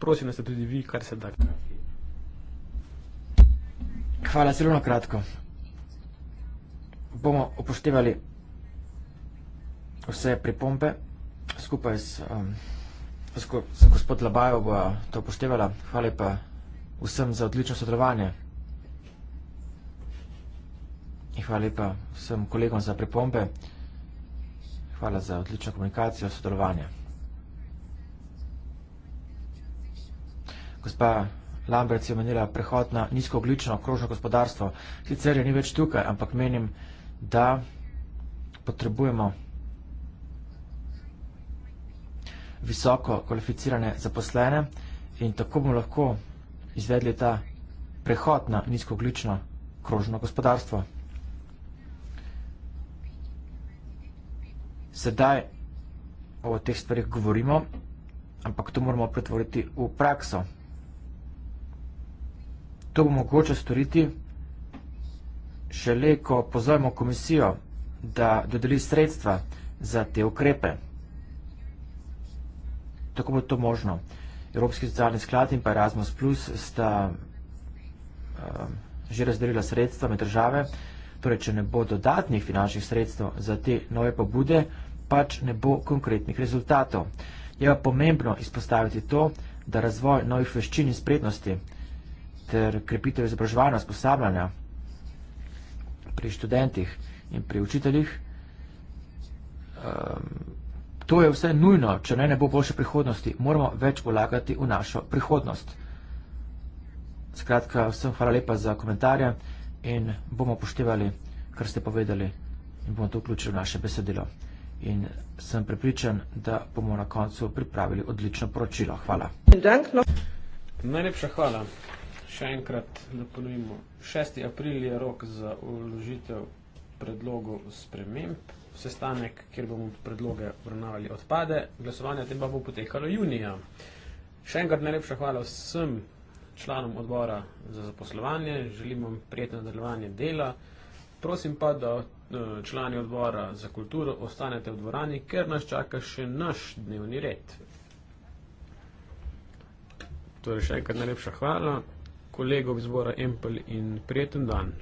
prosim, da ste tudi vi, kar se da. Hvala, zelo na kratko. Bomo upoštevali vse pripombe skupaj s, um, s, s gospod Labajo bo to upoštevala. Hvala lepa vsem za odlično sodelovanje. In hvala lepa vsem kolegom za pripombe. Hvala za odlično komunikacijo, sodelovanje. Gospa Lambrec je omenila prehod na nizkooglično okrožno gospodarstvo. Sicer je ni več tukaj, ampak menim, da potrebujemo visoko kvalificirane zaposlene in tako bomo lahko izvedli ta prehod na nizkoglično krožno gospodarstvo. Sedaj o teh stvarih govorimo, ampak to moramo pretvoriti v prakso. To bo mogoče storiti šele, ko pozovemo komisijo, da dodeli sredstva za te ukrepe tako bo to možno. Evropski socialni sklad in pa Erasmus Plus sta um, že razdelila sredstva med države, torej če ne bo dodatnih finančnih sredstev za te nove pobude, pač ne bo konkretnih rezultatov. Je pa pomembno izpostaviti to, da razvoj novih veščin in spretnosti ter krepitev izobraževanja sposabljanja pri študentih in pri učiteljih um, To je vse nujno, če ne, ne bo boljše prihodnosti. Moramo več vlagati v našo prihodnost. Skratka, vsem hvala lepa za komentarje in bomo poštevali, kar ste povedali in bomo to vključili v naše besedilo. In sem prepričan, da bomo na koncu pripravili odlično poročilo. Hvala. Najlepša hvala. Še enkrat, da ponovimo. 6. april je rok za uložitev predlogov sprememb sestanek, kjer bomo predloge obravnavali odpade. Glasovanje tem pa bo potekalo junija. Še enkrat najlepša hvala vsem članom odbora za zaposlovanje, želim vam prijetno nadaljevanje dela. Prosim pa, da eh, člani odbora za kulturo ostanete v dvorani, ker nas čaka še naš dnevni red. Torej še enkrat najlepša hvala kolegov zbora Empel in prijeten dan.